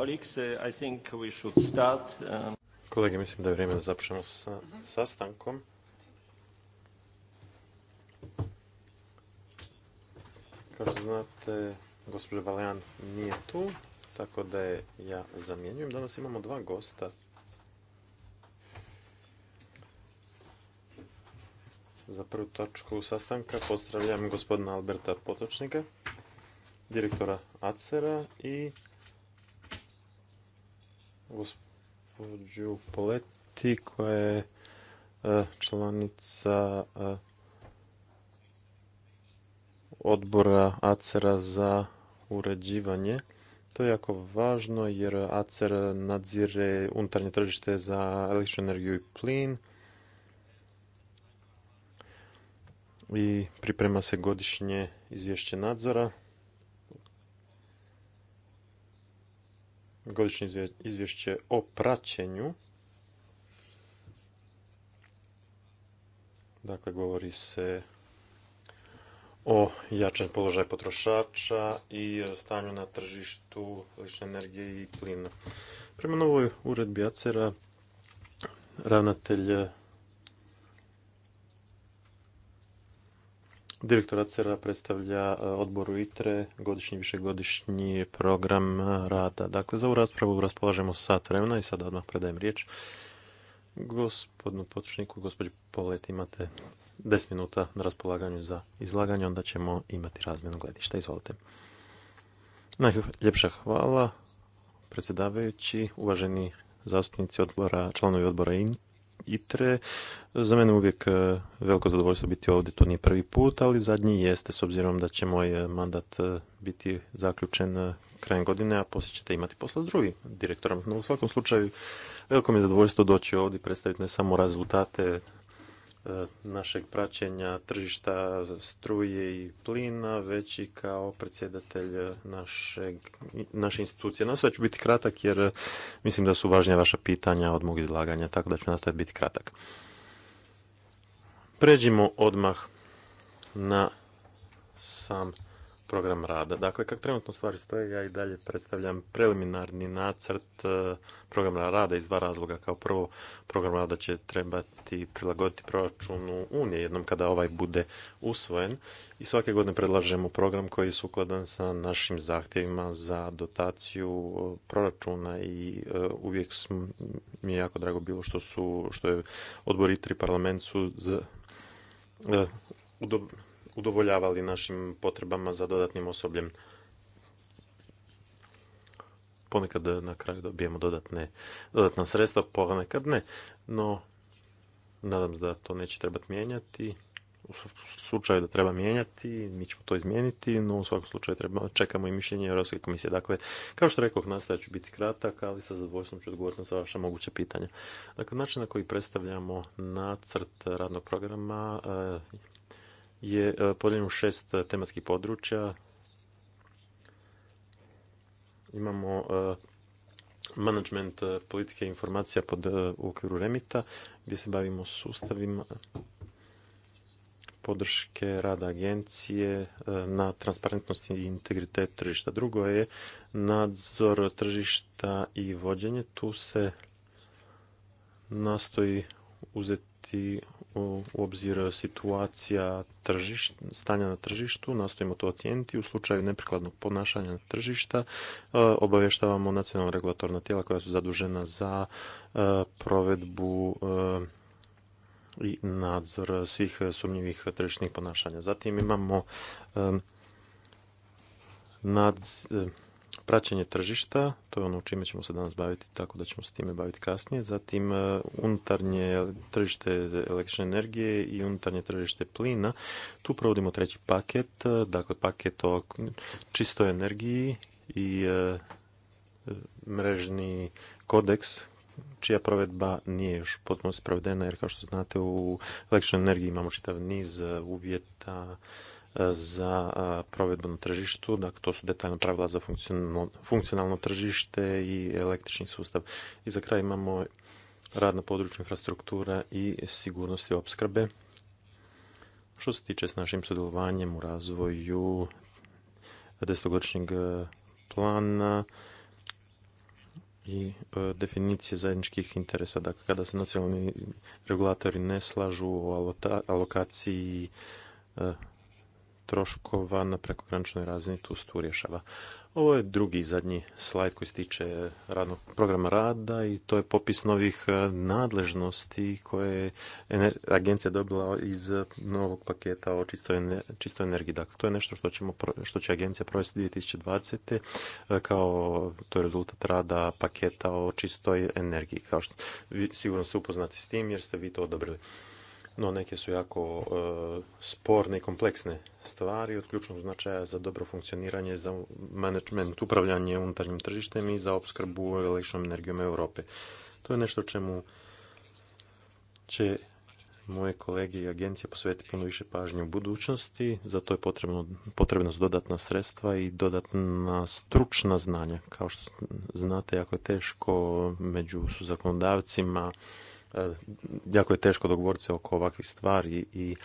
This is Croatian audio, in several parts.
Uh, um, Kolege, mislim da je vrijeme da započnemo sa sastankom. Kao što znate, gospođa Balean nije tu, tako da je ja zamjenjujem. Danas imamo dva gosta. Za prvu točku sastanka pozdravljam gospodina Alberta Potočnika, direktora ACERA i gospođu Poleti koja je e, članica e, odbora ACER-a za uređivanje. To je jako važno jer ACER nadzire unutarnje tržište za električnu energiju i plin i priprema se godišnje izvješće nadzora. godišnje izvješće o praćenju. Dakle, govori se o jačem položaju potrošača i stanju na tržištu električne energije i plina. Prema novoj uredbi ACER-a ravnatelj Direktora CERA predstavlja e, odboru ITRE godišnji višegodišnji program e, rada. Dakle, za ovu raspravu raspolažemo sat vremena i sada odmah predajem riječ. Gospodinu potučniku, gospođi Polet, imate 10 minuta na raspolaganju za izlaganje, onda ćemo imati razmjenu gledišta. Izvolite. Najljepša hvala, predsjedavajući, uvaženi zastupnici odbora, članovi odbora ITRE. Za mene uvijek e, veliko zadovoljstvo biti ovdje, to nije prvi put, ali zadnji jeste, s obzirom da će moj e, mandat e, biti zaključen krajem godine, a poslije ćete imati posla s drugim direktorom. No, u svakom slučaju, veliko mi je zadovoljstvo doći ovdje i predstaviti ne samo rezultate E, našeg praćenja tržišta struje i plina, već i kao predsjedatelj naše institucije. sve ću biti kratak jer mislim da su važnija vaša pitanja od mog izlaganja, tako da ću nastaviti biti kratak. Pređimo odmah na sam program rada. Dakle, kako trenutno stvari stoje, ja i dalje predstavljam preliminarni nacrt e, programa rada iz dva razloga. Kao prvo, program rada će trebati prilagoditi proračunu Unije jednom kada ovaj bude usvojen i svake godine predlažemo program koji je sukladan sa našim zahtjevima za dotaciju e, proračuna i e, uvijek mi je jako drago bilo što su, što je odbor ITRI parlament su z, udovoljavali našim potrebama za dodatnim osobljem. Ponekad na kraju dobijemo dodatne, dodatna sredstva, ponekad ne, no nadam se da to neće trebati mijenjati. U slučaju da treba mijenjati, mi ćemo to izmijeniti, no u svakom slučaju treba, čekamo i mišljenje Europske komisije. Dakle, kao što rekoh, nastaje ću biti kratak, ali sa zadovoljstvom ću odgovoriti na sva vaša moguća pitanja. Dakle, način na koji predstavljamo nacrt radnog programa je e, podeljen u šest e, tematskih područja. Imamo e, management politike informacija pod, u okviru Remita, gdje se bavimo sustavima podrške rada agencije na transparentnosti i integritet tržišta. Drugo je nadzor tržišta i vođenje. Tu se nastoji uzeti u obzir situacija stanja na tržištu, nastojimo to ocijeniti. U slučaju neprikladnog ponašanja tržišta e, obavještavamo nacionalna regulatorna tijela koja su zadužena za e, provedbu e, i nadzor svih sumnjivih tržišnih ponašanja. Zatim imamo nad, praćenje tržišta, to je ono čime ćemo se danas baviti, tako da ćemo se time baviti kasnije. Zatim e, unutarnje tržište električne energije i unutarnje tržište plina. Tu provodimo treći paket, e, dakle paket o čistoj energiji i e, mrežni kodeks čija provedba nije još potpuno sprovedena jer kao što znate u električnoj energiji imamo čitav niz uvjeta za provedbu na tržištu. Dakle, to su detaljna pravila za funkcionalno tržište i električni sustav. I za kraj imamo rad na području infrastruktura i sigurnosti opskrbe. Što se tiče s našim sudjelovanjem u razvoju desetogodišnjeg plana i definicije zajedničkih interesa. Dakle, kada se nacionalni regulatori ne slažu o alokaciji troškova na prekograničnoj razini tu se rješava. Ovo je drugi zadnji slajd koji se tiče radnog programa rada i to je popis novih e, nadležnosti koje je agencija dobila iz e, novog paketa o čistoj energiji. Dakle, to je nešto što, će agencija provesti 2020. E, kao to je rezultat rada paketa o čistoj energiji. Kao sigurno ste upoznati s tim jer ste vi to odobrili no neke su jako e, sporne i kompleksne stvari od ključnog značaja za dobro funkcioniranje, za management, upravljanje unutarnjim tržištem i za opskrbu električnom energijom Europe. To je nešto čemu će moje kolege i agencije posvetiti puno više pažnje u budućnosti, za to je potrebno, dodatna sredstva i dodatna stručna znanja. Kao što znate, jako je teško među zakonodavcima E, jako je teško dogovoriti se oko ovakvih stvari i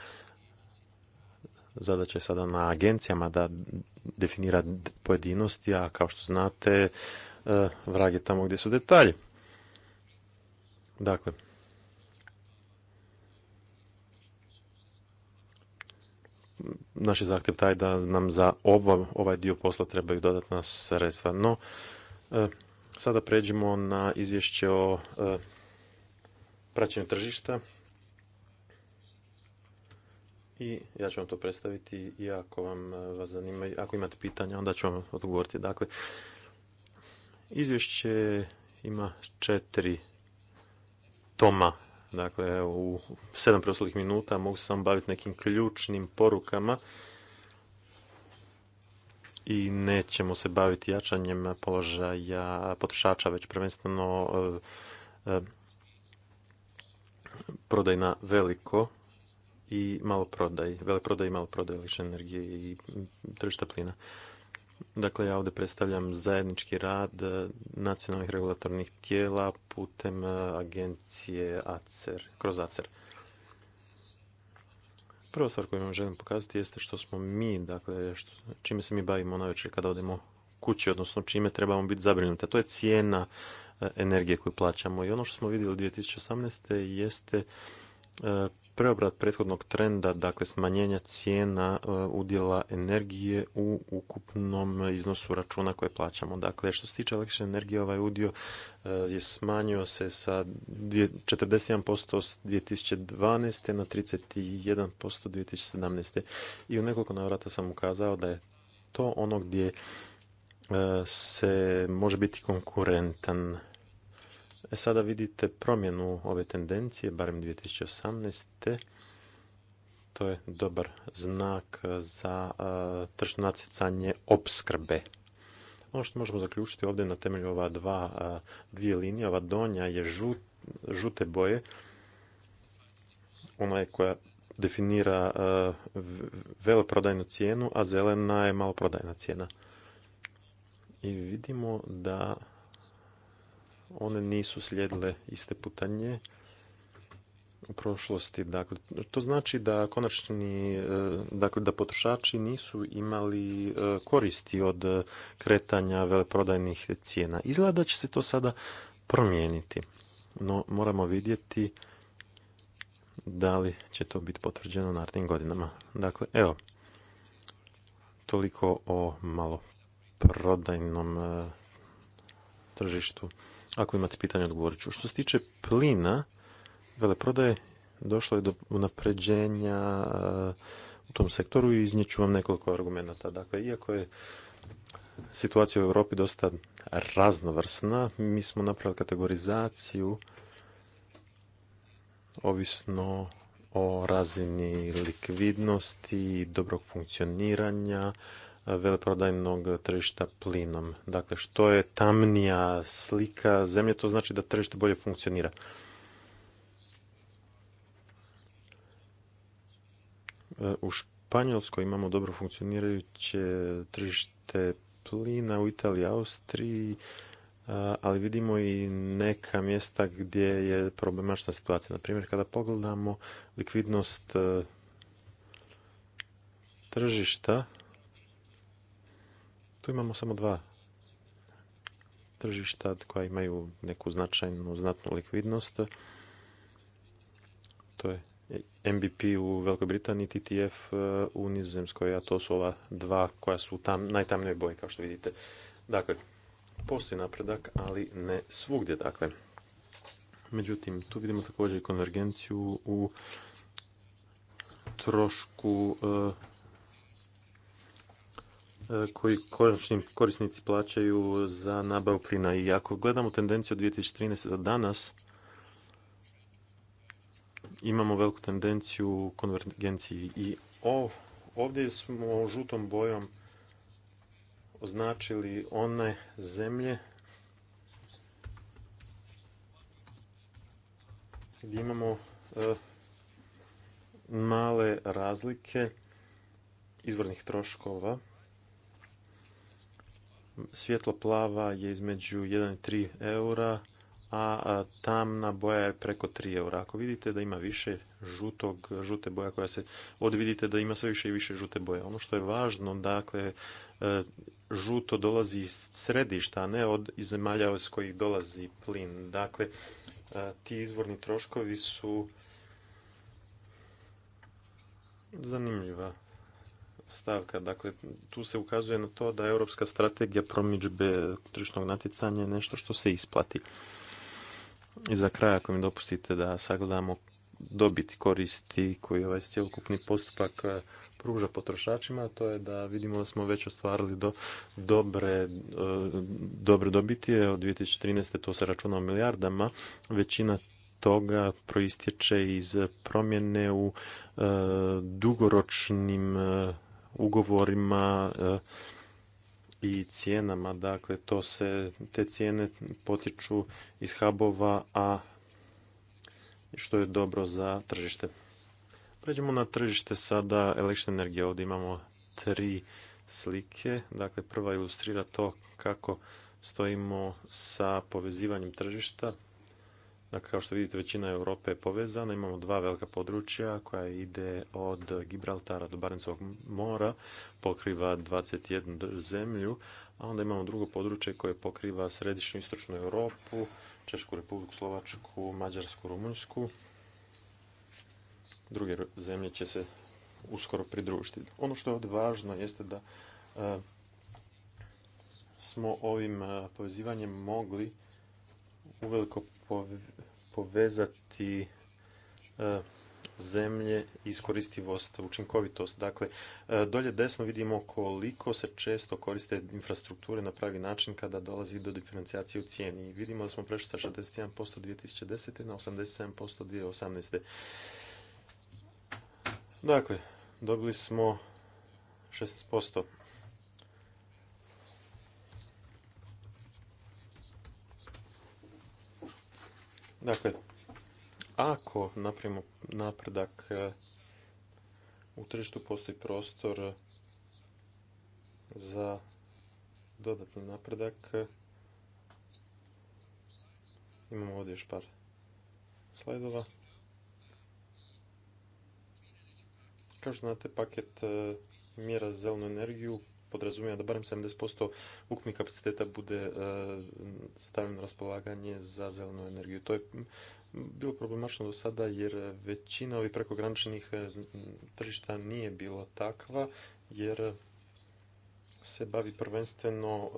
zadaća je sada na agencijama da definira pojedinosti, a kao što znate, e, vrag je tamo gdje su detalji. Dakle, naš je zahtjev taj da nam za ovaj dio posla trebaju dodatna sredstva. No, e, sada pređemo na izvješće o praćenju tržišta i ja ću vam to predstaviti i ako vam e, vas zanima, ako imate pitanja, onda ću vam odgovoriti. Dakle, izvješće ima četiri toma, dakle u sedam preostalih minuta mogu se samo baviti nekim ključnim porukama i nećemo se baviti jačanjem položaja potrošača, već prvenstveno e, e, prodaj na veliko i malo prodaj, prodaj i malo prodaj električne energije i tržišta plina. Dakle, ja ovdje predstavljam zajednički rad nacionalnih regulatornih tijela putem e, agencije ACER, kroz ACER. Prva stvar koju vam želim pokazati jeste što smo mi, dakle, čime se mi bavimo večer kada odemo kući, odnosno čime trebamo biti zabrinuti. A to je cijena E, energije koju plaćamo. I ono što smo vidjeli 2018. jeste e, preobrat prethodnog trenda, dakle smanjenja cijena e, udjela energije u ukupnom iznosu računa koje plaćamo. Dakle, što se tiče električne energije, ovaj udio je smanjio se sa 41% 2012. na 31% 2017. I u nekoliko navrata sam ukazao da je to ono gdje E, se može biti konkurentan. E sada vidite promjenu ove tendencije, barem 2018. To je dobar znak za e, tržno natjecanje opskrbe. Ono što možemo zaključiti ovdje na temelju ova dva, e, dvije linije, ova donja je žute boje, ona je koja definira veloprodajnu cijenu, a zelena je maloprodajna cijena i vidimo da one nisu slijedile iste putanje u prošlosti. Dakle, to znači da konačni, e, dakle da potrošači nisu imali e, koristi od kretanja veleprodajnih cijena. Izgleda da će se to sada promijeniti. No, moramo vidjeti da li će to biti potvrđeno u narednim godinama. Dakle, evo, toliko o malo prodajnom e, tržištu. Ako imate pitanje, odgovorit ću. Što se tiče plina, veleprodaje, došlo je do unapređenja e, u tom sektoru i ću vam nekoliko argumenta. Dakle, iako je situacija u Europi dosta raznovrsna, mi smo napravili kategorizaciju ovisno o razini likvidnosti, dobrog funkcioniranja, veleprodajnog tržišta plinom. Dakle, što je tamnija slika zemlje, to znači da tržište bolje funkcionira. E, u Španjolskoj imamo dobro funkcionirajuće tržište plina, u Italiji, Austriji, e, ali vidimo i neka mjesta gdje je problematična situacija. Na primjer, kada pogledamo likvidnost e, tržišta, tu imamo samo dva tržišta koja imaju neku značajnu, znatnu likvidnost. To je MBP u Velikoj Britaniji, TTF e, u Nizozemskoj, a to su ova dva koja su tam, najtamnije boji, kao što vidite. Dakle, postoji napredak, ali ne svugdje, dakle. Međutim, tu vidimo također i konvergenciju u trošku e, E, koji korisnici plaćaju za nabavu plina. I ako gledamo tendenciju od 2013. do danas, imamo veliku tendenciju u konvergenciji. I ovdje smo žutom bojom označili one zemlje gdje imamo e, male razlike izvornih troškova svjetlo plava je između 1 i 3 eura, a tamna boja je preko 3 eura. Ako vidite da ima više žutog, žute boja koja se, ovdje vidite da ima sve više i više žute boje. Ono što je važno, dakle, e, žuto dolazi iz središta, a ne od zemalja s kojih dolazi plin. Dakle, e, ti izvorni troškovi su zanimljiva stavka. Dakle, tu se ukazuje na to da je europska strategija promičbe tržišnog natjecanja je nešto što se isplati. I za kraj, ako mi dopustite da sagledamo dobiti koristi koji ovaj cjelokupni postupak eh, pruža potrošačima, to je da vidimo da smo već ostvarili do dobre, eh, dobre dobitije. Od 2013. to se računa u milijardama. Većina toga proistječe iz promjene u eh, dugoročnim ugovorima e, i cijenama. Dakle, to se, te cijene potiču iz hubova, a što je dobro za tržište. Pređemo na tržište sada električne energije. Ovdje imamo tri slike. Dakle, prva ilustrira to kako stojimo sa povezivanjem tržišta. Dakle, kao što vidite, većina Europe je povezana. Imamo dva velika područja koja ide od Gibraltara do Barencovog mora, pokriva 21 zemlju, a onda imamo drugo područje koje pokriva središnju istočnu Europu, Češku republiku, Slovačku, Mađarsku, Rumunjsku. Druge zemlje će se uskoro pridružiti. Ono što je ovdje važno jeste da e, smo ovim e, povezivanjem mogli uveliko povezati e, zemlje i iskoristivost, učinkovitost. Dakle, e, dolje desno vidimo koliko se često koriste infrastrukture na pravi način kada dolazi do diferencijacije u cijeni. Vidimo da smo prešli sa 61% 2010. na 87% 2018. Dakle, dobili smo 16% Dakle, ako napravimo napredak e, u tržištu postoji prostor za dodatni napredak. E, imamo ovdje još par slajdova. Kao što znate, paket e, mjera za zelenu energiju podrazumijeva da barem 70% ukupnih kapaciteta bude e, stavljeno na raspolaganje za zelenu energiju. To je bilo problematično do sada jer većina ovih prekograničnih e, tržišta nije bilo takva jer se bavi prvenstveno e,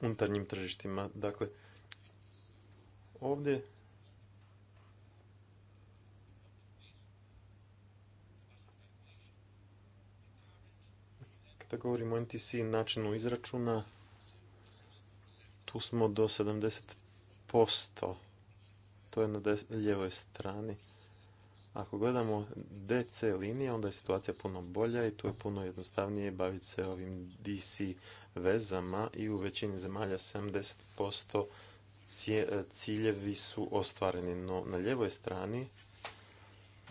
unutarnjim tržištima. Dakle, ovdje Kada govorimo o NTC načinu izračuna, tu smo do 70%. To je na ljevoj strani. Ako gledamo DC linije, onda je situacija puno bolja i tu je puno jednostavnije baviti se ovim DC vezama i u većini zemalja 70% ciljevi su ostvareni. No na ljevoj strani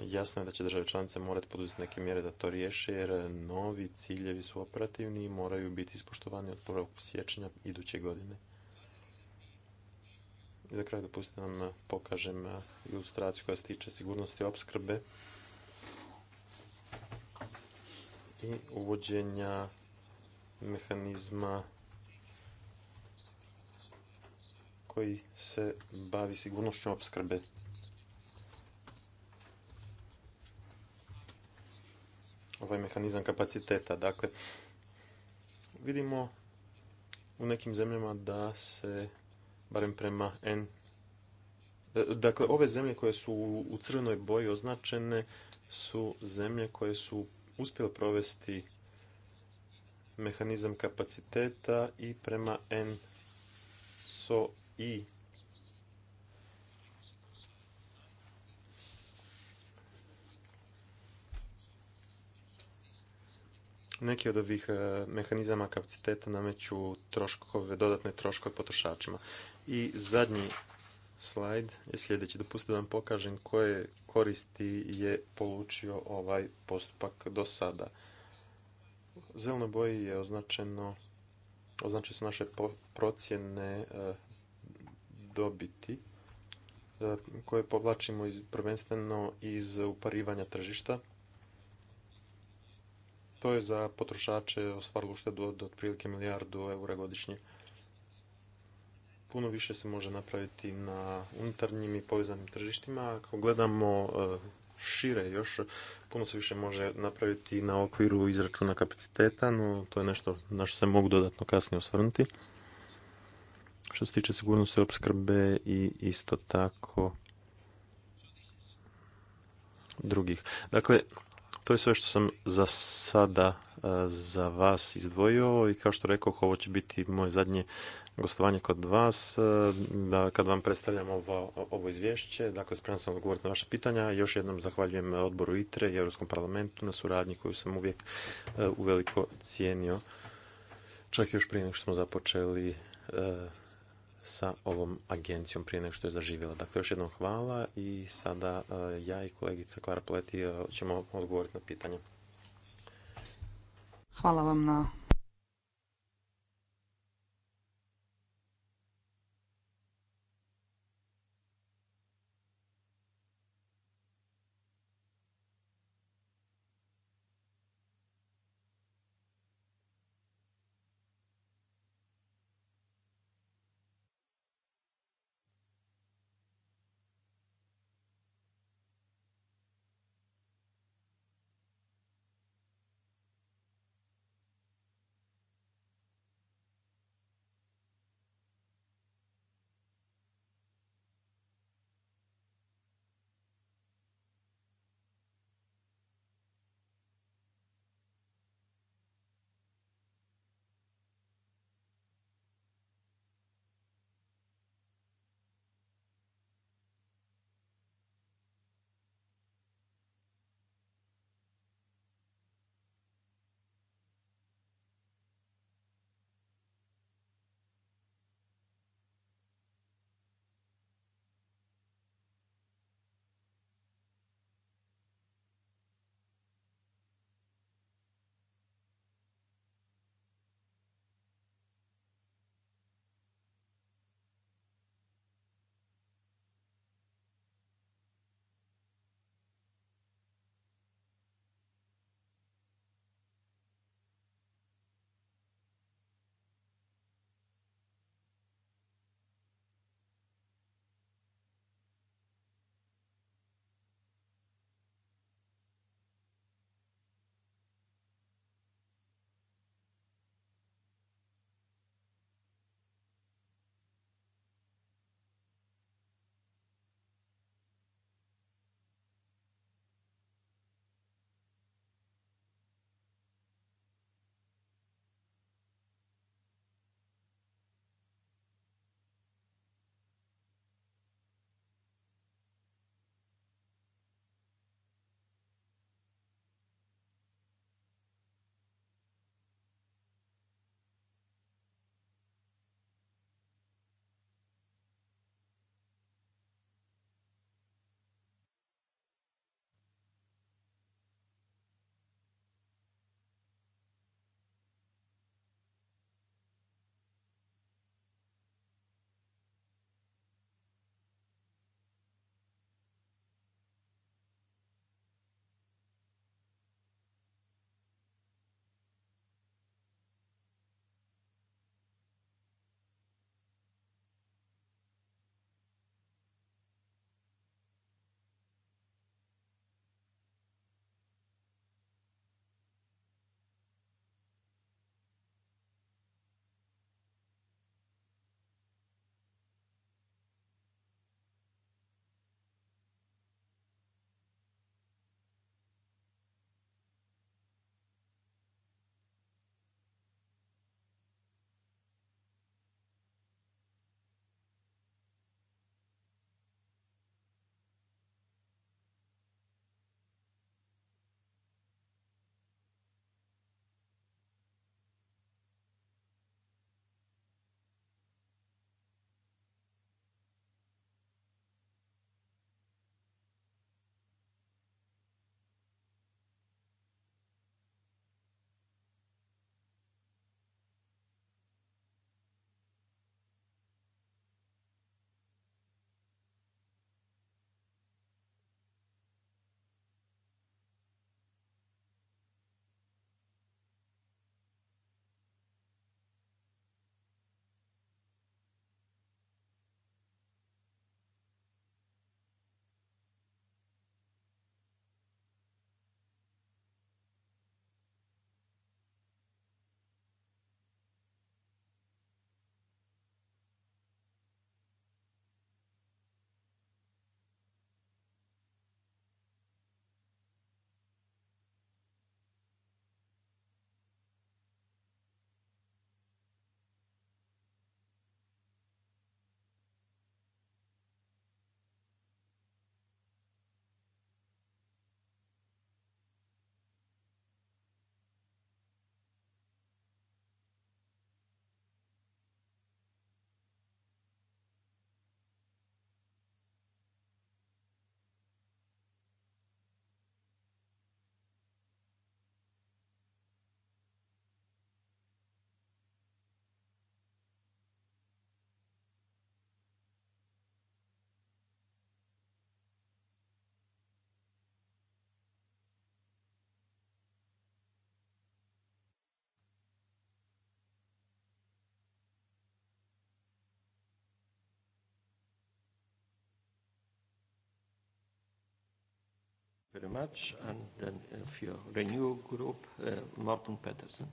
Jasno je da će države članice morati poduzeti neke mjere da to riješe jer novi ciljevi su operativni i moraju biti ispoštovani od 1. sječnja iduće godine. I za kraj dopustite vam pokažem eh, ilustraciju koja se tiče sigurnosti opskrbe i uvođenja mehanizma koji se bavi sigurnošću opskrbe. ovaj mehanizam kapaciteta. Dakle, vidimo u nekim zemljama da se, barem prema N, e, dakle, ove zemlje koje su u crvenoj boji označene su zemlje koje su uspjele provesti mehanizam kapaciteta i prema N so i Neki od ovih e, mehanizama kapaciteta nameću troškove, dodatne troškove potrošačima. I zadnji slajd je sljedeći. Dopustite da vam pokažem koje koristi je polučio ovaj postupak do sada. Zelno boji je označeno, označe su naše procjene e, dobiti e, koje povlačimo prvenstveno iz uparivanja tržišta to je za potrošače ostvarilo uštedu od otprilike milijardu eura godišnje. Puno više se može napraviti na unutarnjim i povezanim tržištima. Ako gledamo e, šire još, puno se više može napraviti na okviru izračuna kapaciteta, no to je nešto na što se mogu dodatno kasnije osvrnuti. Što se tiče sigurnosti opskrbe i isto tako drugih. Dakle, to je sve što sam za sada e, za vas izdvojio i kao što rekao, ovo će biti moje zadnje gostovanje kod vas, e, da kad vam predstavljam ovo, ovo izvješće, dakle spreman sam odgovoriti na vaše pitanja. Još jednom zahvaljujem odboru ITRE i Europskom parlamentu na suradnji koju sam uvijek e, uveliko cijenio. Čak još prije nego što smo započeli sa ovom agencijom prije nego što je zaživjela. Dakle, još jednom hvala i sada e, ja i kolegica Klara Pleti ćemo odgovoriti na pitanje. Hvala vam na very much. And then if your renew group, uh, Morten Paterson.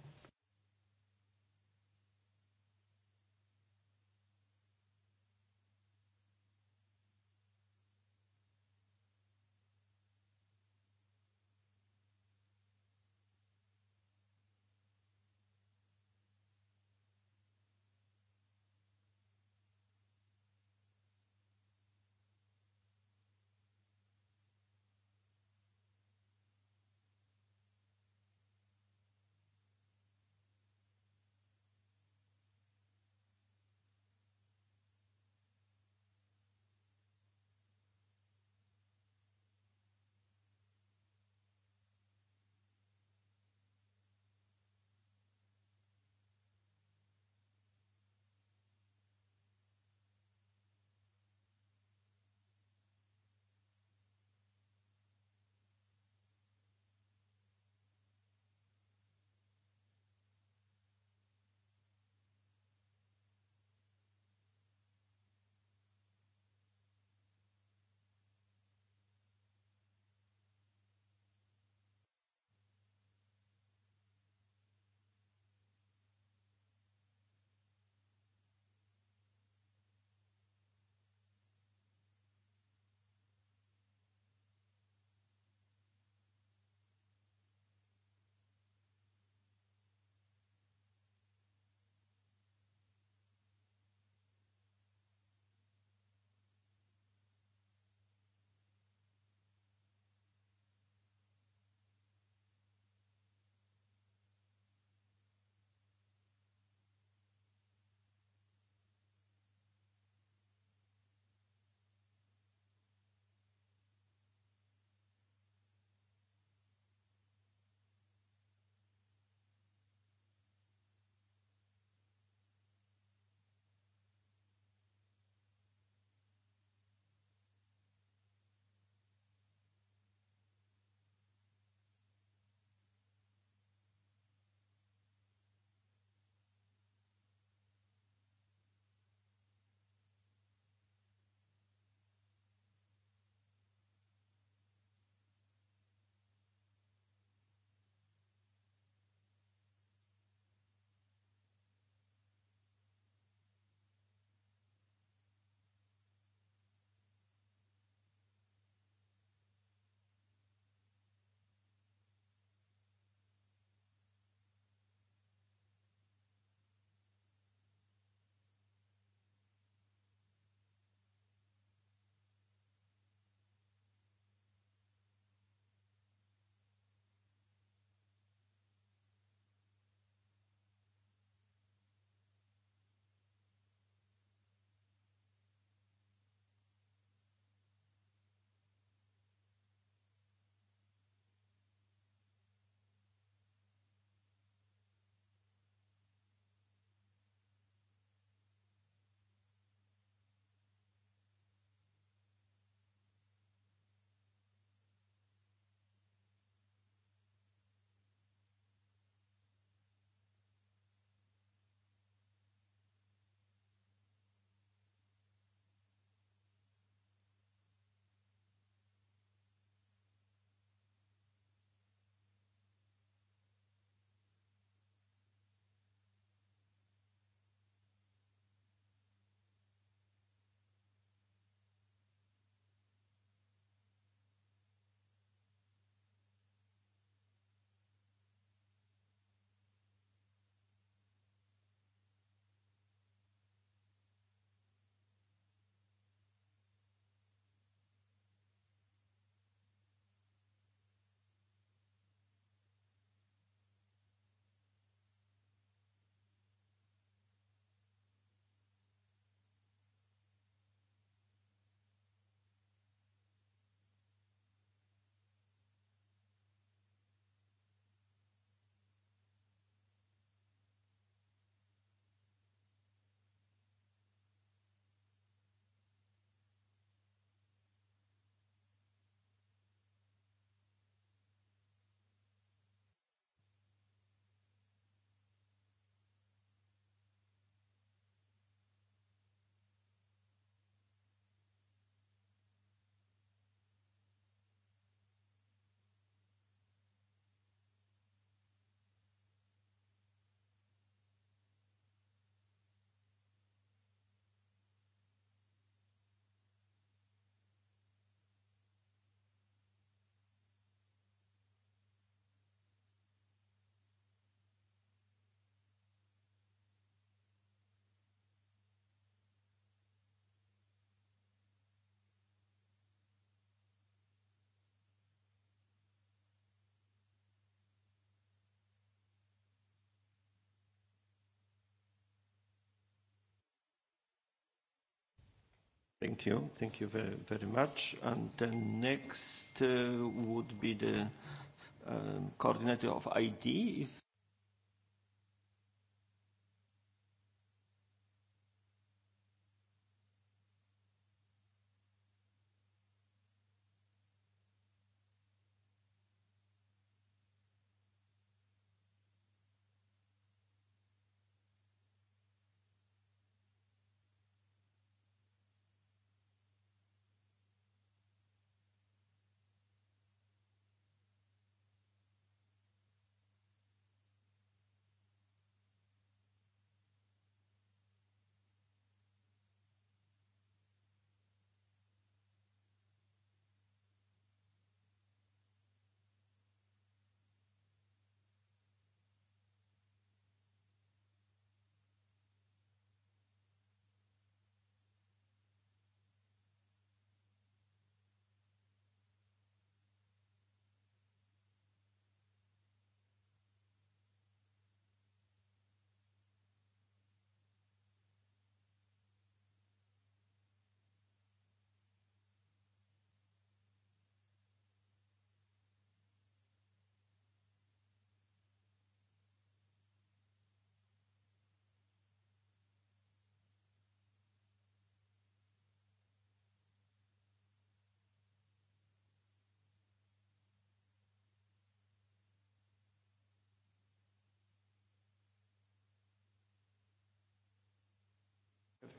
Thank you. Thank you very, very much. And then next uh, would be the um, coordinator of ID. If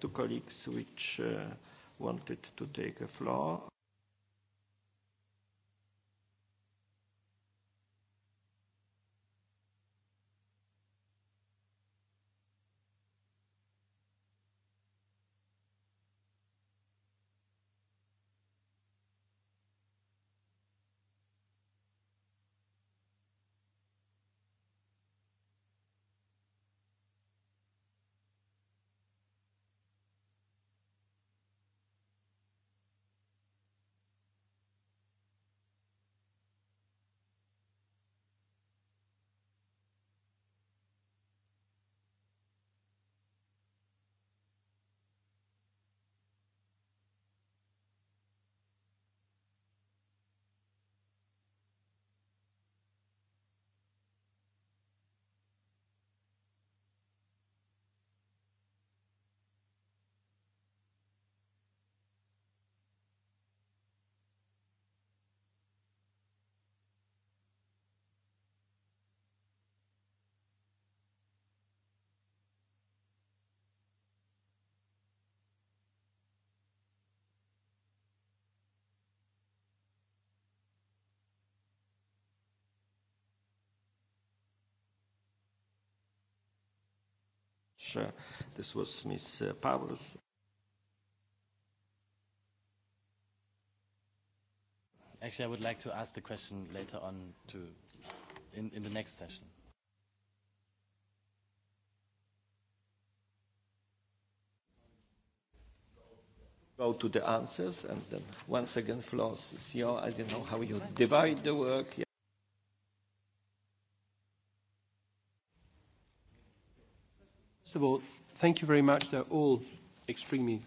to colleagues which uh, wanted to take a floor. much. This was Ms. Uh, Pavlos. Actually, I would like to ask the question later on to in, in the next session. go to the answers and then once again floor is your I don't know how you divide the work yeah First of all, thank you very much. They're all extremely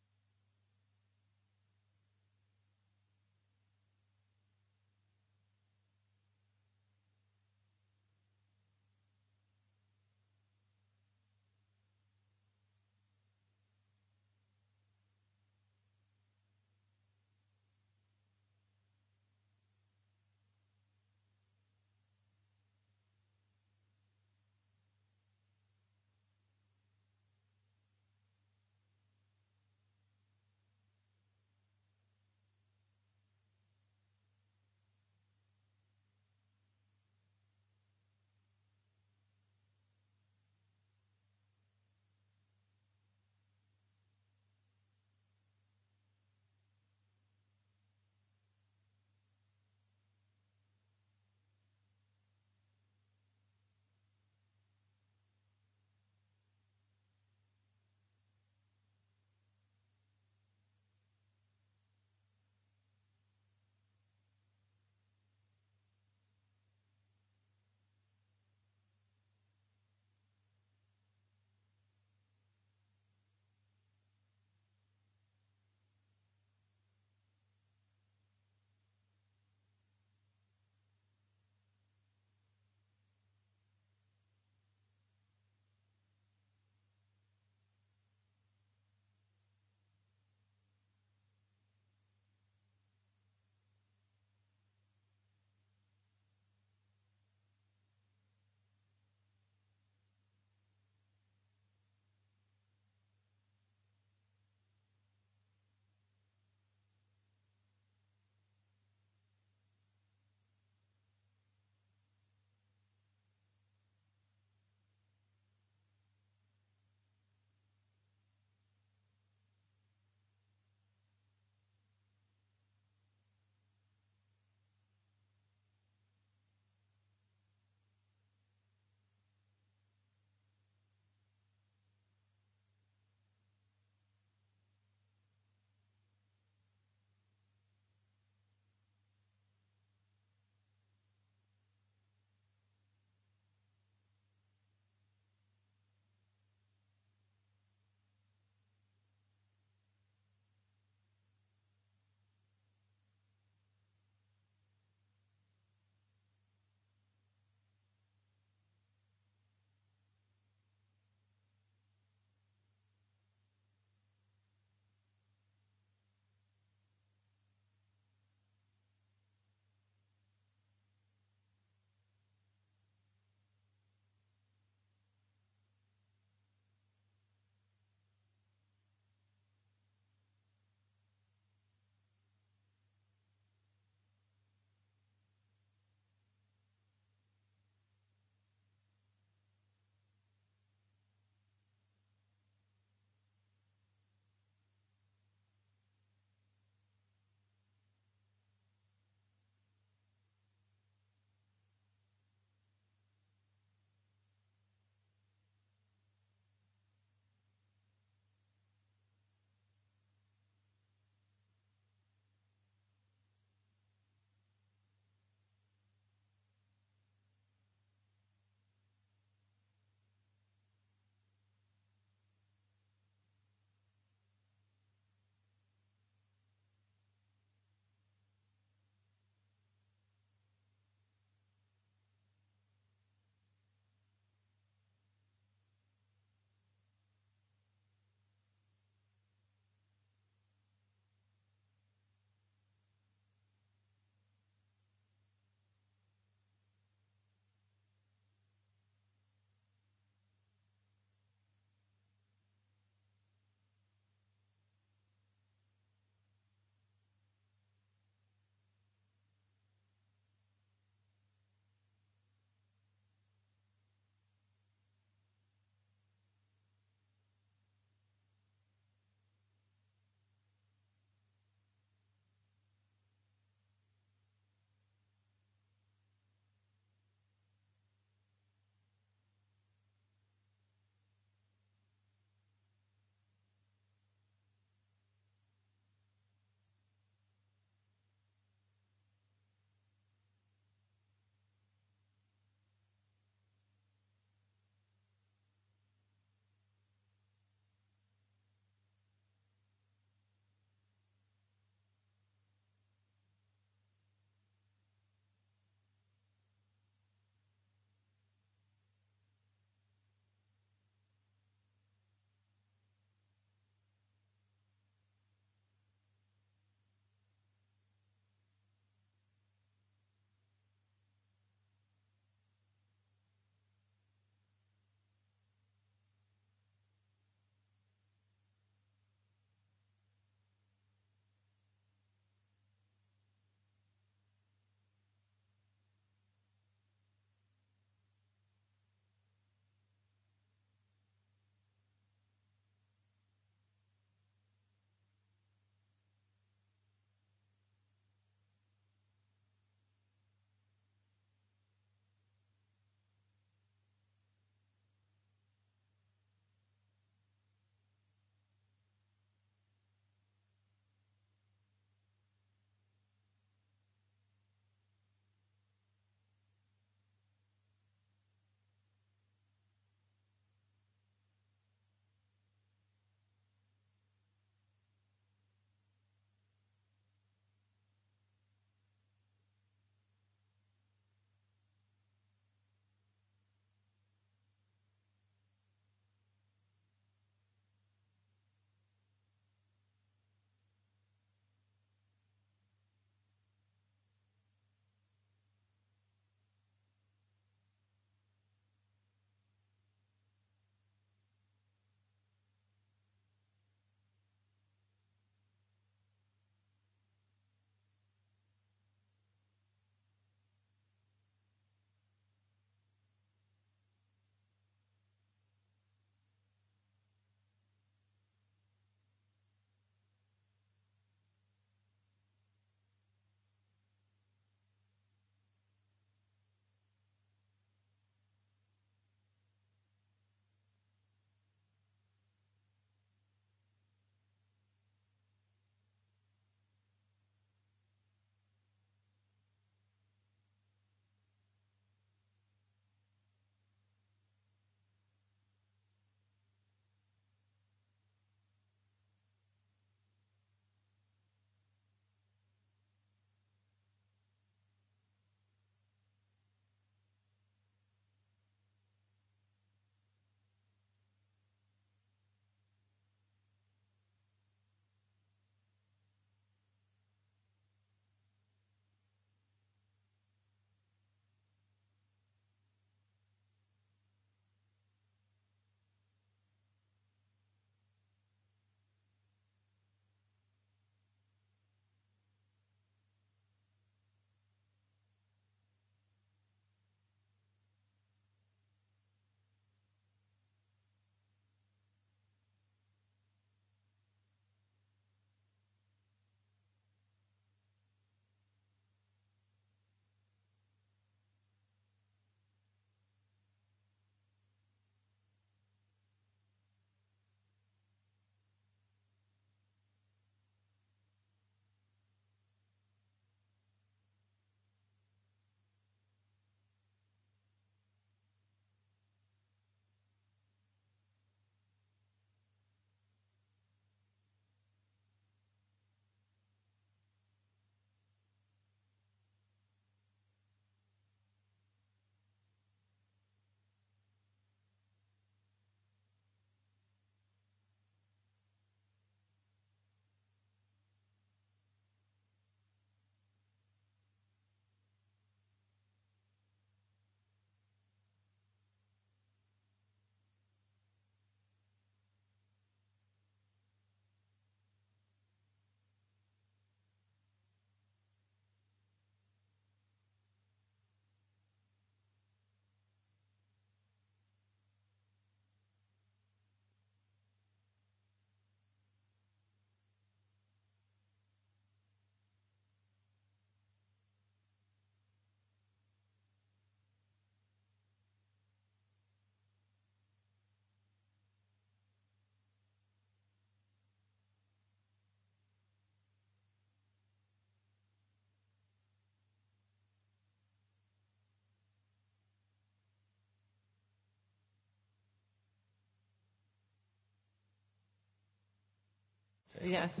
Yes,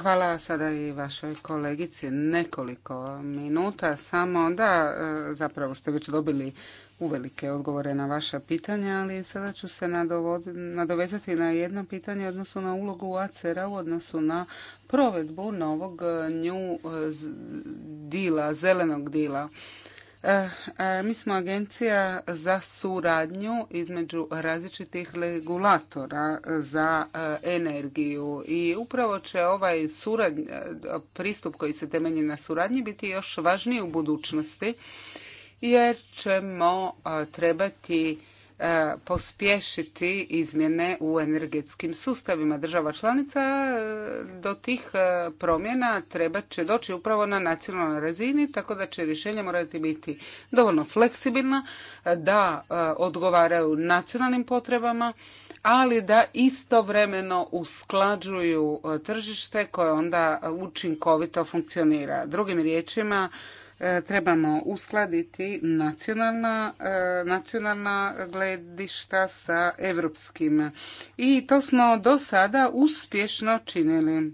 Hvala sada i vašoj kolegici. Nekoliko minuta samo. Da, e, zapravo ste već dobili uvelike odgovore na vaša pitanja, ali sada ću se nadovezati na jedno pitanje odnosno na ulogu acr a u odnosu na provedbu novog e, nju e, dila, zelenog dila. E, e, mi smo agencija za suradnju između različitih regulatora za e, energiju i upravo će ovaj pristup koji se temelji na suradnji biti još važniji u budućnosti jer ćemo trebati E, pospješiti izmjene u energetskim sustavima država članica. E, do tih e, promjena treba će doći upravo na nacionalnoj razini, tako da će rješenja morati biti dovoljno fleksibilna, da odgovaraju nacionalnim potrebama, ali da istovremeno usklađuju tržište koje onda učinkovito funkcionira. Drugim riječima, E, trebamo uskladiti nacionalna, e, nacionalna gledišta sa europskim. I to smo do sada uspješno činili.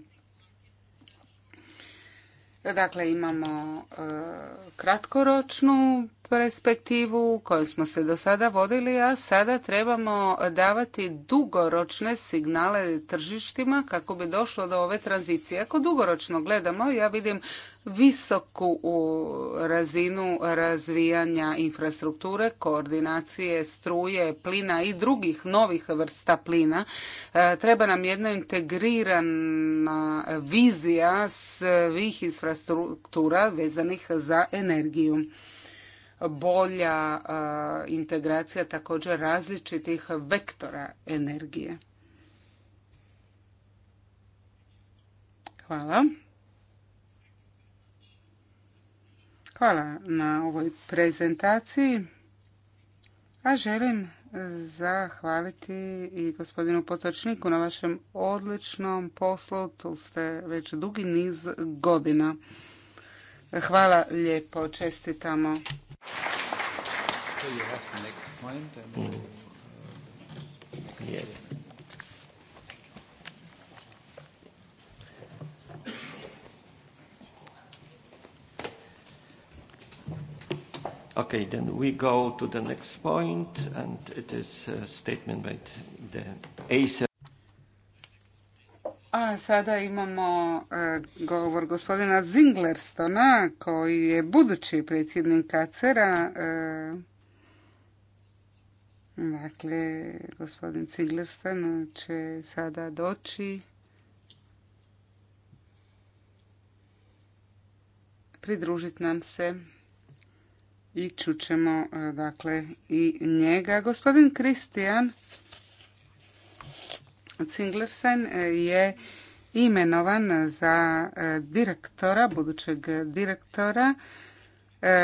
Dakle, imamo e, kratkoročnu perspektivu kojom smo se do sada vodili, a sada trebamo davati dugoročne signale tržištima kako bi došlo do ove tranzicije. Ako dugoročno gledamo, ja vidim visoku razinu razvijanja infrastrukture, koordinacije struje, plina i drugih novih vrsta plina. E, treba nam jedna integrirana vizija svih infrastruktura vezanih za energiju bolja integracija također različitih vektora energije. Hvala. Hvala na ovoj prezentaciji. A želim zahvaliti i gospodinu Potočniku na vašem odličnom poslu. Tu ste već dugi niz godina. Hvala lijepo, čestitamo. So you have the next point and mm. uh, next yes. Okay, then we go to the next point, and it is a statement by the ACER. A sada imamo e, govor gospodina Zinglerstona koji je budući predsjednik Kacera. E, dakle, gospodin Zinglerston će sada doći. Pridružit nam se i čućemo e, dakle i njega. Gospodin Kristijan Cinglersen e, je imenovan za e, direktora, budućeg direktora e,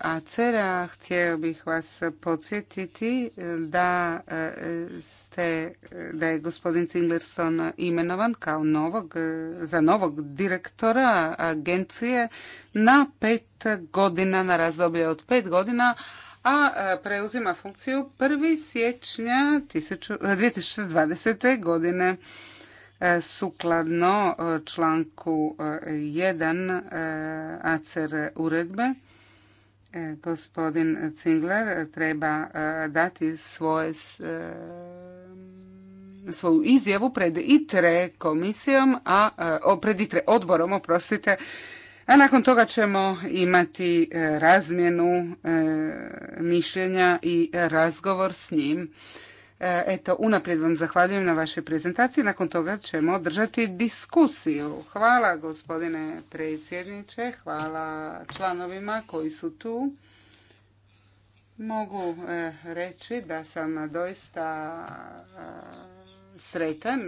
ACR-a. Htio bih vas podsjetiti da, ste, da je gospodin cinglerson imenovan kao novog, za novog direktora agencije na pet godina, na razdoblje od pet godina, a e, preuzima funkciju 1. siječnja 2020. E, godine e, sukladno članku 1 ACR uredbe. Gospodin Cingler treba dati svoje svoju izjavu pred ITRE komisijom, a pred ITRE odborom, oprostite, a nakon toga ćemo imati e, razmjenu e, mišljenja i razgovor s njim. E, eto, unaprijed vam zahvaljujem na vašoj prezentaciji. Nakon toga ćemo održati diskusiju. Hvala gospodine predsjedniče, hvala članovima koji su tu. Mogu reći da sam doista sretan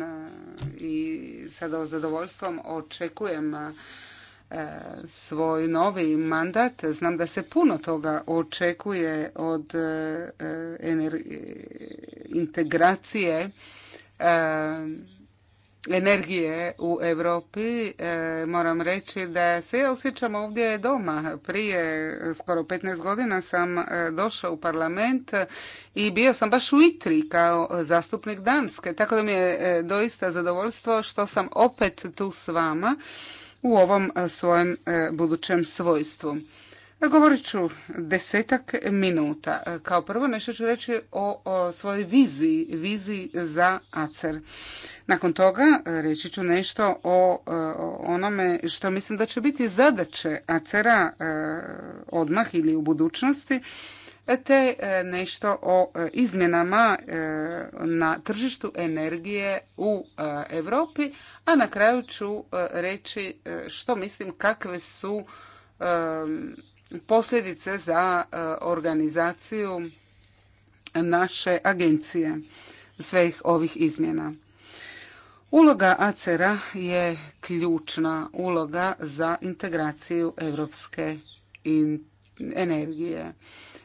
i sa zadovoljstvom očekujem E, svoj novi mandat. Znam da se puno toga očekuje od e, integracije e, energije u Europi. Moram reći da se ja osjećam ovdje doma. Prije skoro 15 godina sam došla u parlament i bio sam baš u Itri kao zastupnik Danske. Tako da mi je doista zadovoljstvo što sam opet tu s vama u ovom e, svojem e, budućem svojstvu. E, govorit ću desetak minuta. Kao prvo nešto ću reći o, svojoj viziji, viziji za ACER. Nakon toga reći ću nešto o, onome što mislim da će biti zadaće ACER-a odmah ili u budućnosti te e, nešto o e, izmjenama e, na tržištu energije u Europi, a na kraju ću reći što mislim kakve su posljedice za organizaciju naše agencije svih ovih izmjena. Uloga acera je ključna uloga za integraciju europske energije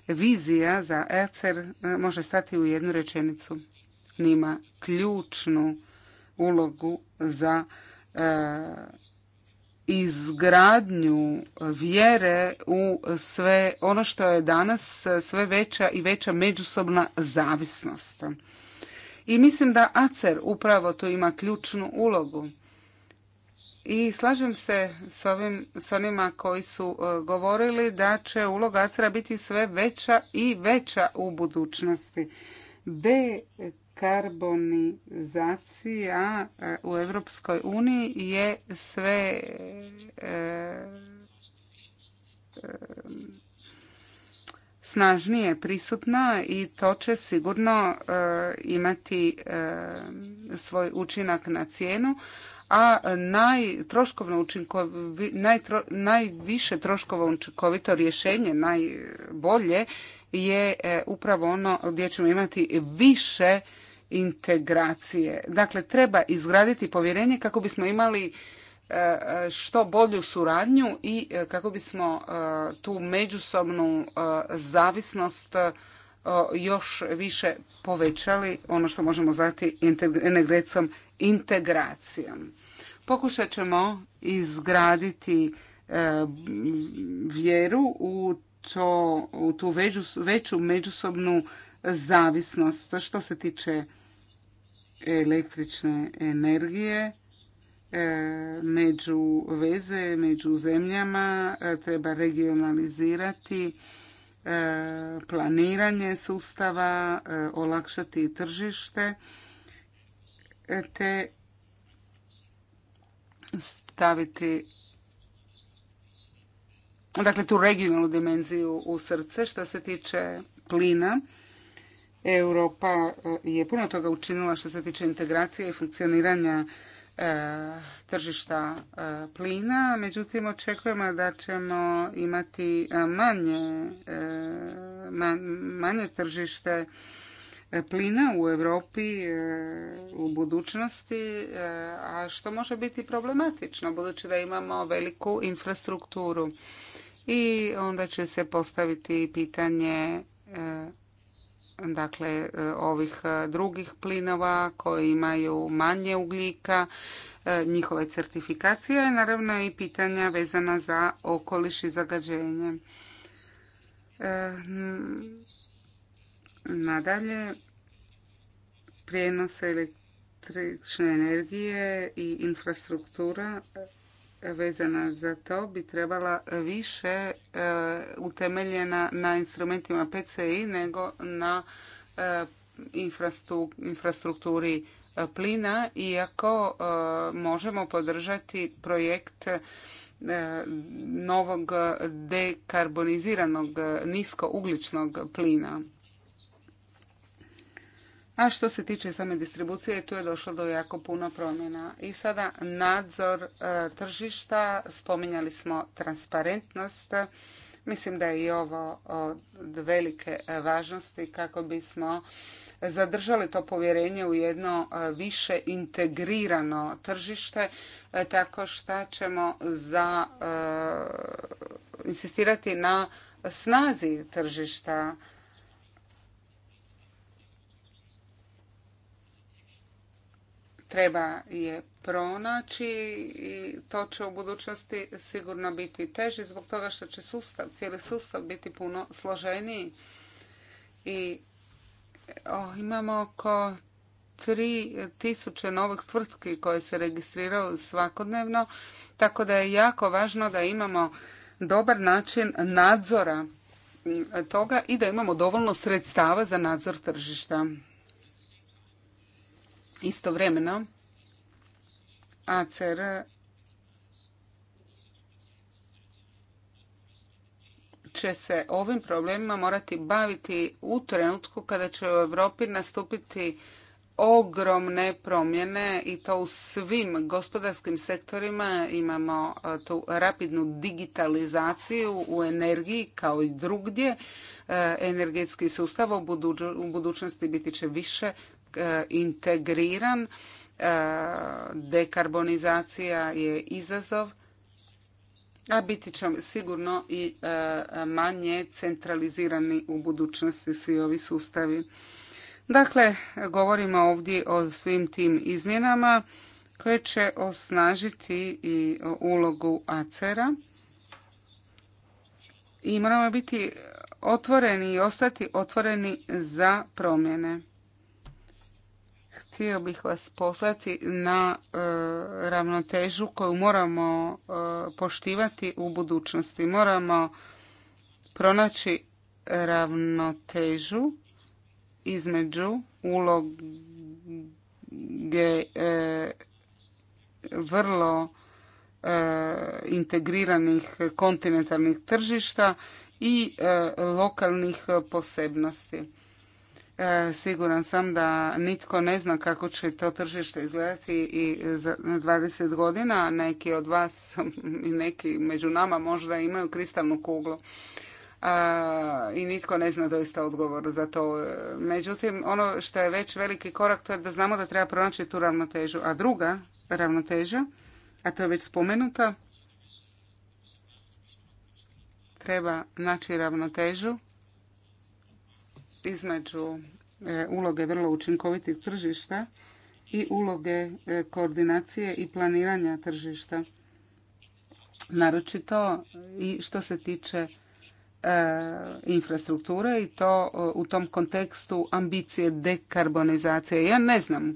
vizija za ACER e, može stati u jednu rečenicu. Nima ključnu ulogu za e, izgradnju vjere u sve ono što je danas sve veća i veća međusobna zavisnost. I mislim da ACER upravo tu ima ključnu ulogu i slažem se s, ovim, s onima koji su e, govorili da će uloga acer biti sve veća i veća u budućnosti. Dekarbonizacija e, u Europskoj uniji je sve e, snažnije prisutna i to će sigurno imati svoj učinak na cijenu, a najtroškovno najviše troškova učinkovito rješenje, najbolje, je e, upravo ono gdje ćemo imati više integracije. Dakle, treba izgraditi povjerenje kako bismo imali e, što bolju suradnju i e, kako bismo tu međusobnu zavisnost još više povećali ono što možemo zvati energetskom integracijom. Pokušat ćemo izgraditi e, vjeru u, to, u tu veću međusobnu zavisnost što se tiče električne energije e, među veze među zemljama e, treba regionalizirati planiranje sustava olakšati tržište te staviti dakle tu regionalnu dimenziju u srce što se tiče plina. Europa eh, je puno toga učinila što se tiče integracije i funkcioniranja eh, tržišta eh, plina, međutim očekujemo da ćemo imati manje, manje tržište plina u Europi e, u budućnosti, e, a što može biti problematično budući da imamo veliku infrastrukturu. I onda će se postaviti pitanje e, dakle ovih drugih plinova koji imaju manje ugljika, njihove certifikacija i naravno i pitanja vezana za okoliš i zagađenje. Nadalje, prijenos električne energije i infrastruktura vezana za to bi trebala više e, utemeljena na instrumentima PCI nego na e, infrastrukturi e, plina, iako možemo podržati projekt novog dekarboniziranog niskougličnog plina. A što se tiče same distribucije, tu je došlo do jako puno promjena. I sada nadzor e, tržišta, spominjali smo transparentnost. Mislim da je i ovo od velike e, važnosti kako bismo zadržali to povjerenje u jedno e, više integrirano tržište tako što ćemo za insistirati na snazi tržišta treba je pronaći i to će u budućnosti sigurno biti teži zbog toga što će sustav, cijeli sustav biti puno složeniji. I imamo oko tisuće novih tvrtki koje se registriraju svakodnevno, tako da je jako važno da imamo dobar način nadzora toga i da imamo dovoljno sredstava za nadzor tržišta. Istovremeno, ACR će se ovim problemima morati baviti u trenutku kada će u Europi nastupiti ogromne promjene i to u svim gospodarskim sektorima imamo e, tu rapidnu digitalizaciju u energiji kao i drugdje. E, energetski sustav u budućnosti biti će više E, integriran. E, dekarbonizacija je izazov, a biti će sigurno i e, manje centralizirani u budućnosti svi ovi sustavi. Dakle, govorimo ovdje o svim tim izmjenama koje će osnažiti i ulogu ACER-a i moramo biti otvoreni i ostati otvoreni za promjene htio bih vas poslati na e, ravnotežu koju moramo e, poštivati u budućnosti. Moramo pronaći ravnotežu između uloge e, vrlo integriranih kontinentalnih tržišta i lokalnih posebnosti. E, siguran sam da nitko ne zna kako će to tržište izgledati i za 20 godina. Neki od vas i neki među nama možda imaju kristalnu kuglu. E, i nitko ne zna doista odgovor za to. Međutim, ono što je već veliki korak to je da znamo da treba pronaći tu ravnotežu. A druga ravnoteža, a to je već spomenuta, treba naći ravnotežu između e, uloge vrlo učinkovitih tržišta i uloge e, koordinacije i planiranja tržišta. Naročito i što se tiče e, infrastrukture i to u tom kontekstu ambicije dekarbonizacije. Ja ne znam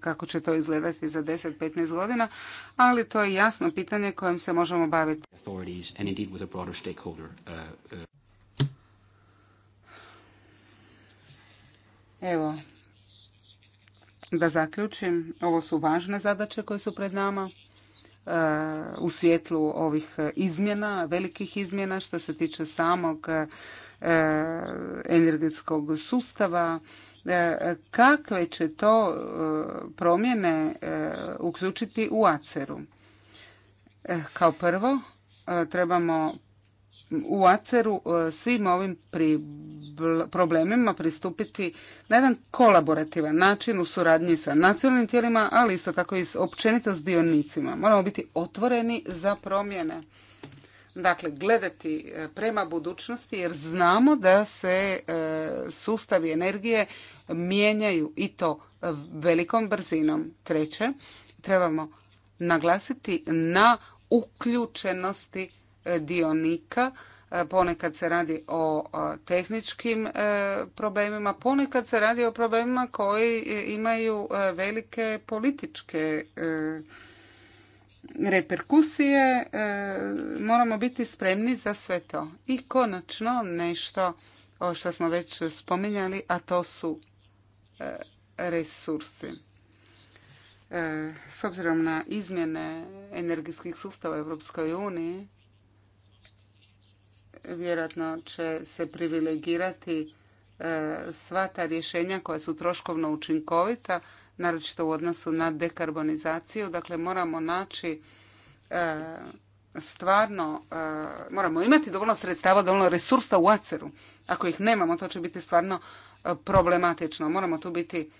kako će to izgledati za 10-15 godina, ali to je jasno pitanje kojim se možemo baviti. Evo, da zaključim, ovo su važne zadaće koje su pred nama e, u svjetlu ovih izmjena, velikih izmjena što se tiče samog e, energetskog sustava, e, kakve će to promjene uključiti u ACER-u. Kao prvo, trebamo u acer e, svim ovim problemima pristupiti na jedan kolaborativan način u suradnji sa nacionalnim tijelima, ali isto tako i općenito s dionicima. Moramo biti otvoreni za promjene. Dakle, gledati e, prema budućnosti jer znamo da se e, sustavi energije mijenjaju i to velikom brzinom. Treće, trebamo naglasiti na uključenosti dionika e, ponekad se radi o tehničkim e, problemima, ponekad se radi o problemima koji e, imaju velike političke reperkusije. Moramo biti spremni za sve to. I konačno nešto što smo već spominjali, a to su resursi. S obzirom na izmjene energijskih sustava u Europskoj vjerojatno će se privilegirati e, sva ta rješenja koja su troškovno učinkovita, naročito u odnosu na dekarbonizaciju. Dakle, moramo naći e, stvarno, e, moramo imati dovoljno sredstava, dovoljno resursa u aceru. Ako ih nemamo, to će biti stvarno problematično. Moramo tu biti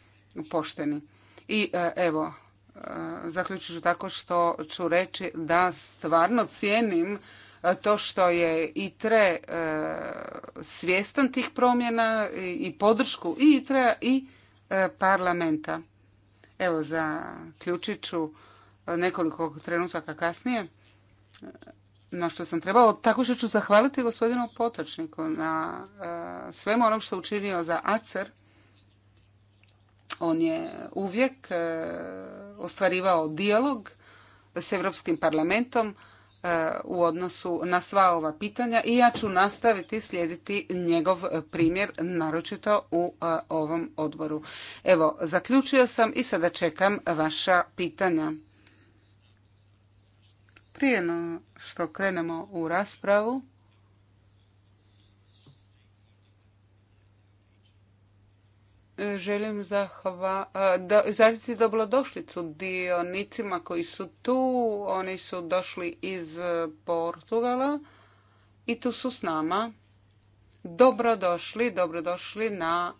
pošteni. I evo, zaključit ću tako što ću reći da stvarno cijenim to što je ITRE e, svjestan tih promjena i podršku i ITRE i e, parlamenta. Evo, zaključit ću e, nekoliko trenutaka kasnije na što sam trebala. Tako što ću zahvaliti gospodinu Potočniku na svemu onom što učinio za ACER. On je uvijek ostvarivao dijalog s Europskim parlamentom E, u odnosu na sva ova pitanja i ja ću nastaviti slijediti njegov primjer naročito u e, ovom odboru. Evo, zaključio sam i sada čekam vaša pitanja. Prije što krenemo u raspravu, želim zahva, da, izraziti dobrodošlicu dionicima koji su tu. Oni su došli iz e, Portugala i tu su s nama. Dobrodošli, dobrodošli na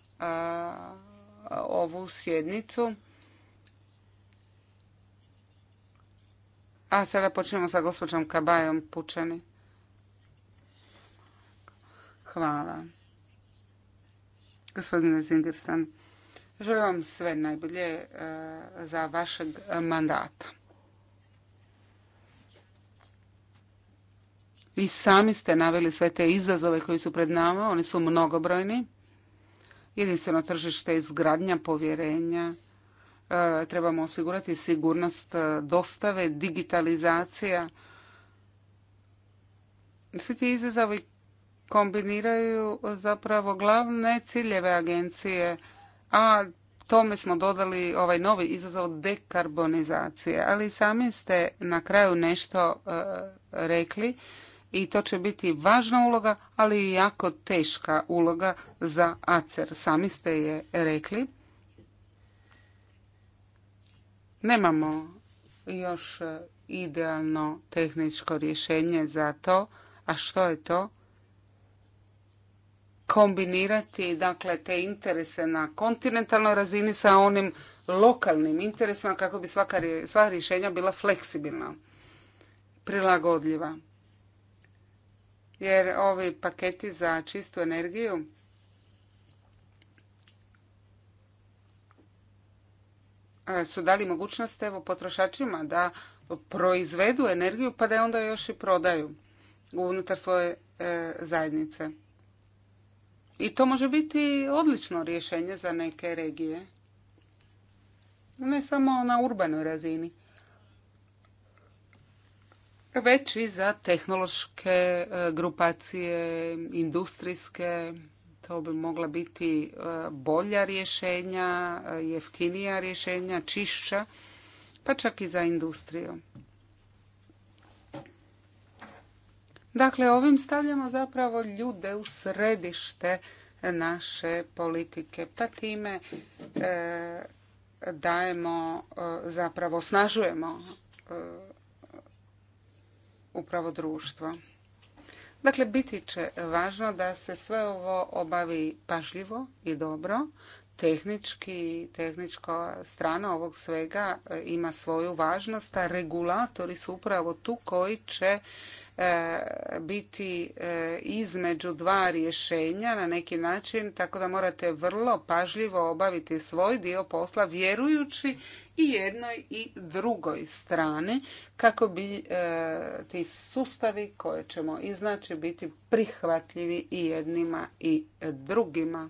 ovu sjednicu. A sada počnemo sa gospođom Kabajom Pučani. Hvala. Gospodine Zingerstan, želim vam sve najbolje e, za vašeg mandata. I sami ste naveli sve te izazove koji su pred nama, oni su mnogobrojni. Jedinstveno tržište, izgradnja povjerenja, e, trebamo osigurati sigurnost e, dostave, digitalizacija. Svi ti izazovi kombiniraju zapravo glavne ciljeve agencije, a tome smo dodali ovaj novi izazov dekarbonizacije. Ali sami ste na kraju nešto e, rekli i to će biti važna uloga, ali i jako teška uloga za ACER. Sami ste je rekli. Nemamo još e, idealno tehničko rješenje za to. A što je to? kombinirati dakle te interese na kontinentalnoj razini sa onim lokalnim interesima kako bi svaka, sva rješenja bila fleksibilna, prilagodljiva. Jer ovi paketi za čistu energiju e, su dali mogućnost evo potrošačima da proizvedu energiju pa da je onda još i prodaju unutar svoje e, zajednice. I to može biti odlično rješenje za neke regije. Ne samo na urbanoj razini, već i za tehnološke e, grupacije, industrijske. To bi mogla biti e, bolja rješenja, e, jeftinija rješenja, čišća, pa čak i za industriju. Dakle, ovim stavljamo zapravo ljude u središte naše politike, pa time e, dajemo, e, zapravo snažujemo e, upravo društvo. Dakle, biti će važno da se sve ovo obavi pažljivo i dobro. Tehnički, tehnička strana ovog svega e, ima svoju važnost, a regulatori su upravo tu koji će E, biti e, između dva rješenja na neki način, tako da morate vrlo pažljivo obaviti svoj dio posla vjerujući i jednoj i drugoj strani kako bi e, ti sustavi koje ćemo iznaći biti prihvatljivi i jednima i drugima.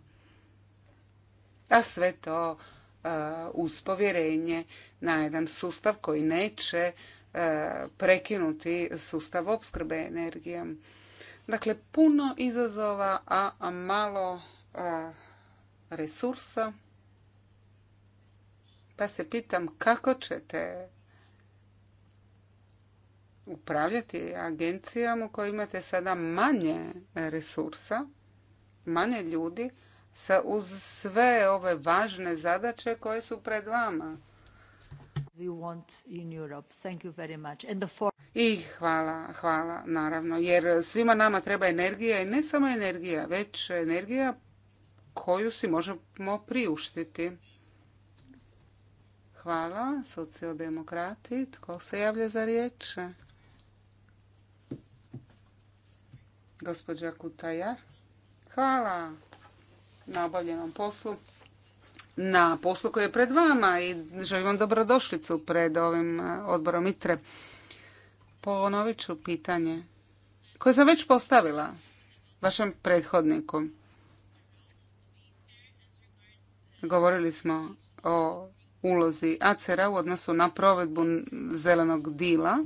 A sve to uz povjerenje na jedan sustav koji neće prekinuti sustav opskrbe energijom. Dakle, puno izazova, a malo resursa. Pa se pitam kako ćete upravljati agencijom u kojoj imate sada manje resursa, manje ljudi, uz sve ove važne zadaće koje su pred vama. I hvala, hvala, naravno, jer svima nama treba energija i ne samo energija, već energija koju si možemo priuštiti. Hvala, socijaldemokrati. Tko se javlja za riječ? Gospođa Kutajar. Hvala na obavljenom poslu na poslu koji je pred vama i želim vam dobrodošlicu pred ovim e, odborom ITRE. Ponovit ću pitanje koje sam već postavila vašem prethodniku. Govorili smo o ulozi ACER-a u odnosu na provedbu zelenog dila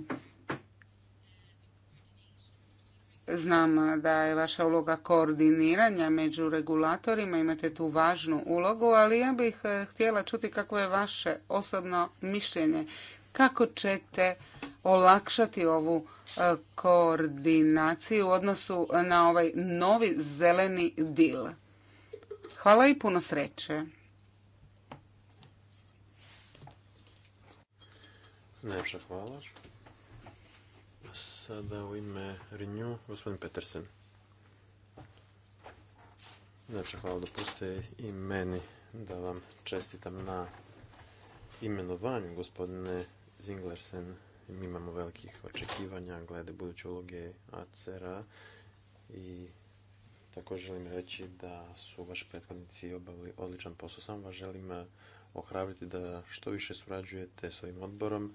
Znam da je vaša uloga koordiniranja među regulatorima, imate tu važnu ulogu, ali ja bih eh, htjela čuti kako je vaše osobno mišljenje. Kako ćete olakšati ovu eh, koordinaciju u odnosu na ovaj novi zeleni dil? Hvala i puno sreće. hvala. Sada u ime Renew, gospodin Petersen. Znači, hvala puste i meni da vam čestitam na imenovanju gospodine Zinglersen. Mi imamo velikih očekivanja glede buduće uloge ACR-a i tako želim reći da su vaši prethodnici obavili odličan posao. Samo vas želim ohrabriti da što više surađujete s ovim odborom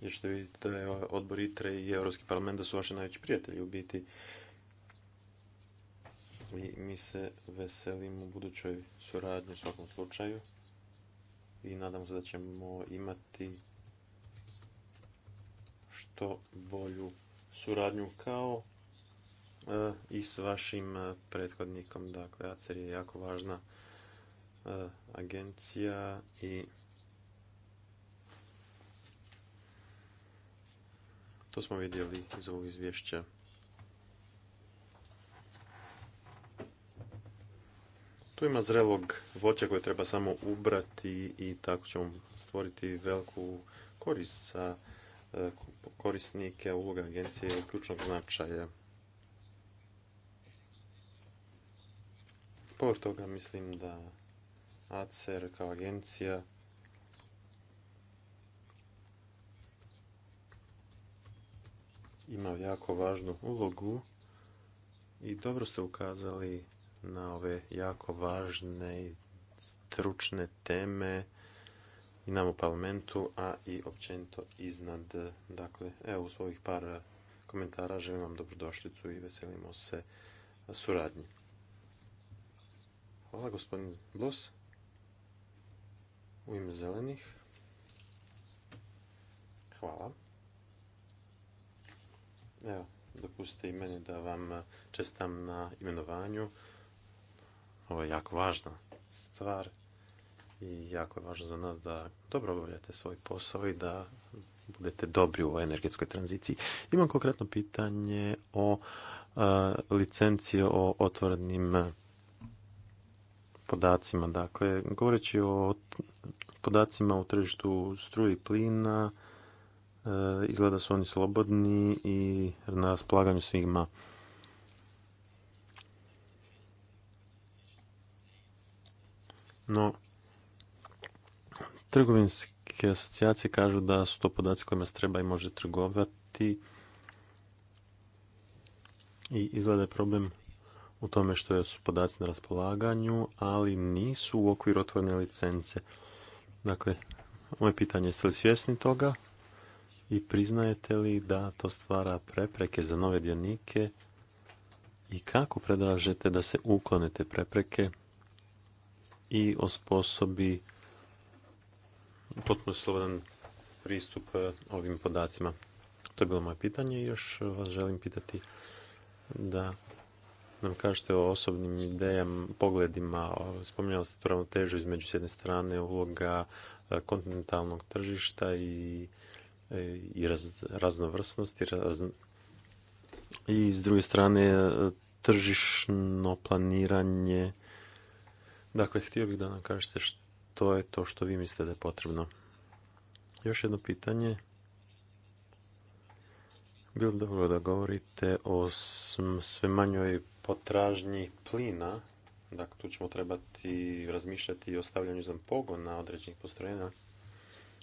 jer ćete vidjeti da je odbor ITRE i Europski parlament da su vaši najveći prijatelji u biti. I mi se veselimo u budućoj suradnji u svakom slučaju i nadamo se da ćemo imati što bolju suradnju kao e, i s vašim e, prethodnikom. Dakle, ACER je jako važna e, agencija i To smo vidjeli iz ovog izvješća. Tu ima zrelog voća koje treba samo ubrati i tako ćemo stvoriti veliku korist za e, korisnike. Uloga agencije i ključnog značaja. Pored toga mislim da ACER kao agencija ima jako važnu ulogu i dobro ste ukazali na ove jako važne i stručne teme i nam u parlamentu, a i općenito iznad. Dakle, evo u svojih par komentara želim vam dobrodošlicu i veselimo se suradnji. Hvala gospodin Blos u ime zelenih. Hvala. Evo, dopustite i meni da vam e, čestam na imenovanju. Ovo je jako važna stvar i jako je važno za nas da dobro obavljate svoj posao i da budete dobri u energetskoj tranziciji. Imam konkretno pitanje o e, licenciji o otvorenim e, podacima. Dakle, govoreći o podacima u tržištu struje i plina, E, izgleda su oni slobodni i na raspolaganju svima. No, trgovinske asocijacije kažu da su to podaci kojima se treba i može trgovati i izgleda je problem u tome što su podaci na raspolaganju, ali nisu u okviru otvorene licence. Dakle, moje pitanje je jeste li svjesni toga i priznajete li da to stvara prepreke za nove dionike i kako predlažete da se uklone te prepreke i osposobi potpuno slobodan pristup eh, ovim podacima. To je bilo moje pitanje i još vas želim pitati da nam kažete o osobnim idejama, pogledima. Spominjali ste tu ravnotežu između s jedne strane uloga eh, kontinentalnog tržišta i E, i raz, i s druge strane e, tržišno planiranje. Dakle, htio bih da nam kažete što je to što vi mislite da je potrebno. Još jedno pitanje. Bilo bi dobro da govorite o sve manjoj potražnji plina. Dakle, tu ćemo trebati razmišljati i o stavljanju za pogona određenih postrojenja.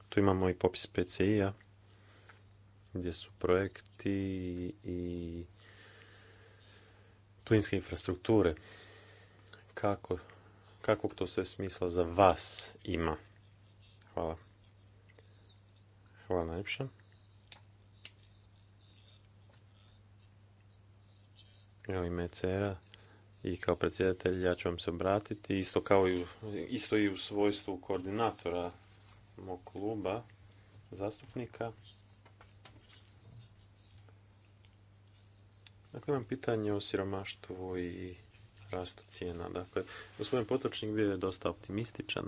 Tu imamo i popis PCI-a gdje su projekti i plinske infrastrukture. Kako, kakvog to sve smisla za vas ima? Hvala. Hvala najljepša. Evo ime Cera i kao predsjedatelj ja ću vam se obratiti, isto, kao i, isto i u svojstvu koordinatora mog kluba zastupnika. Dakle, imam pitanje o siromaštvu i rastu cijena. Dakle, gospodin Potočnik bio je dosta optimističan.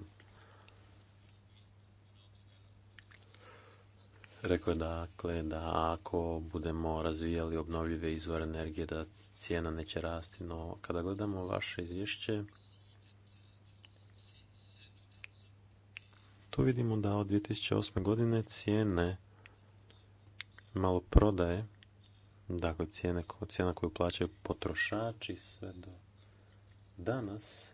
Rekao je dakle da ako budemo razvijali obnovljive izvore energije da cijena neće rasti, no kada gledamo vaše izvješće tu vidimo da od 2008. godine cijene malo prodaje Dakle, cijene, cijena koju plaćaju potrošači sve do danas.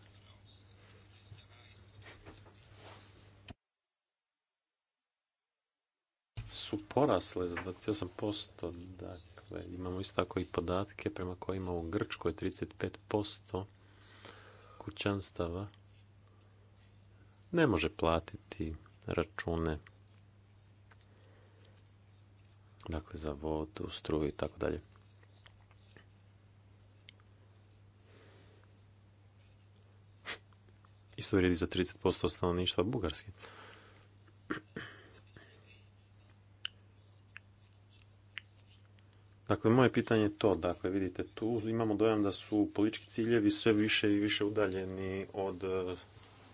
su porasle za 28%, dakle imamo isto tako i podatke prema kojima u Grčkoj 35% kućanstava ne može platiti račune dakle za vodu, struju i tako dalje. Isto vrijedi za 30% stanovništva Bugarski. Dakle, moje pitanje je to. Dakle, vidite, tu imamo dojam da su politički ciljevi sve više i više udaljeni od e,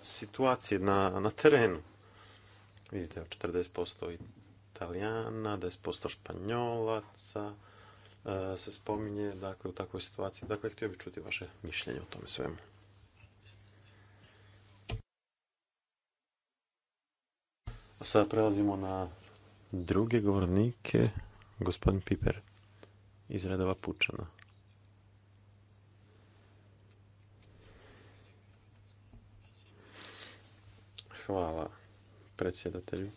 situacije na, terenu. Vidite, 40% Italijana, 10% Španjolaca e, se spominje dakle, u takvoj situaciji. Dakle, htio bih čuti vaše mišljenje o tome svemu. A sada prelazimo na druge govornike, gospodin Piper iz redova Pučana. Hvala predsjedatelju.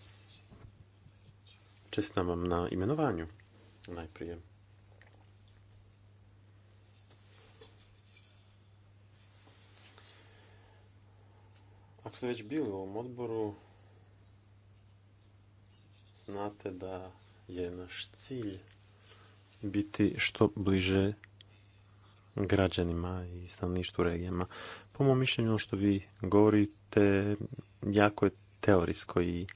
Čestitam vam na imenovanju najprije. Ako ste već bili u ovom odboru, znate da je naš cilj biti što bliže građanima i stanovništvu regijama. Po mom mišljenju, ono što vi govorite jako je teorijsko i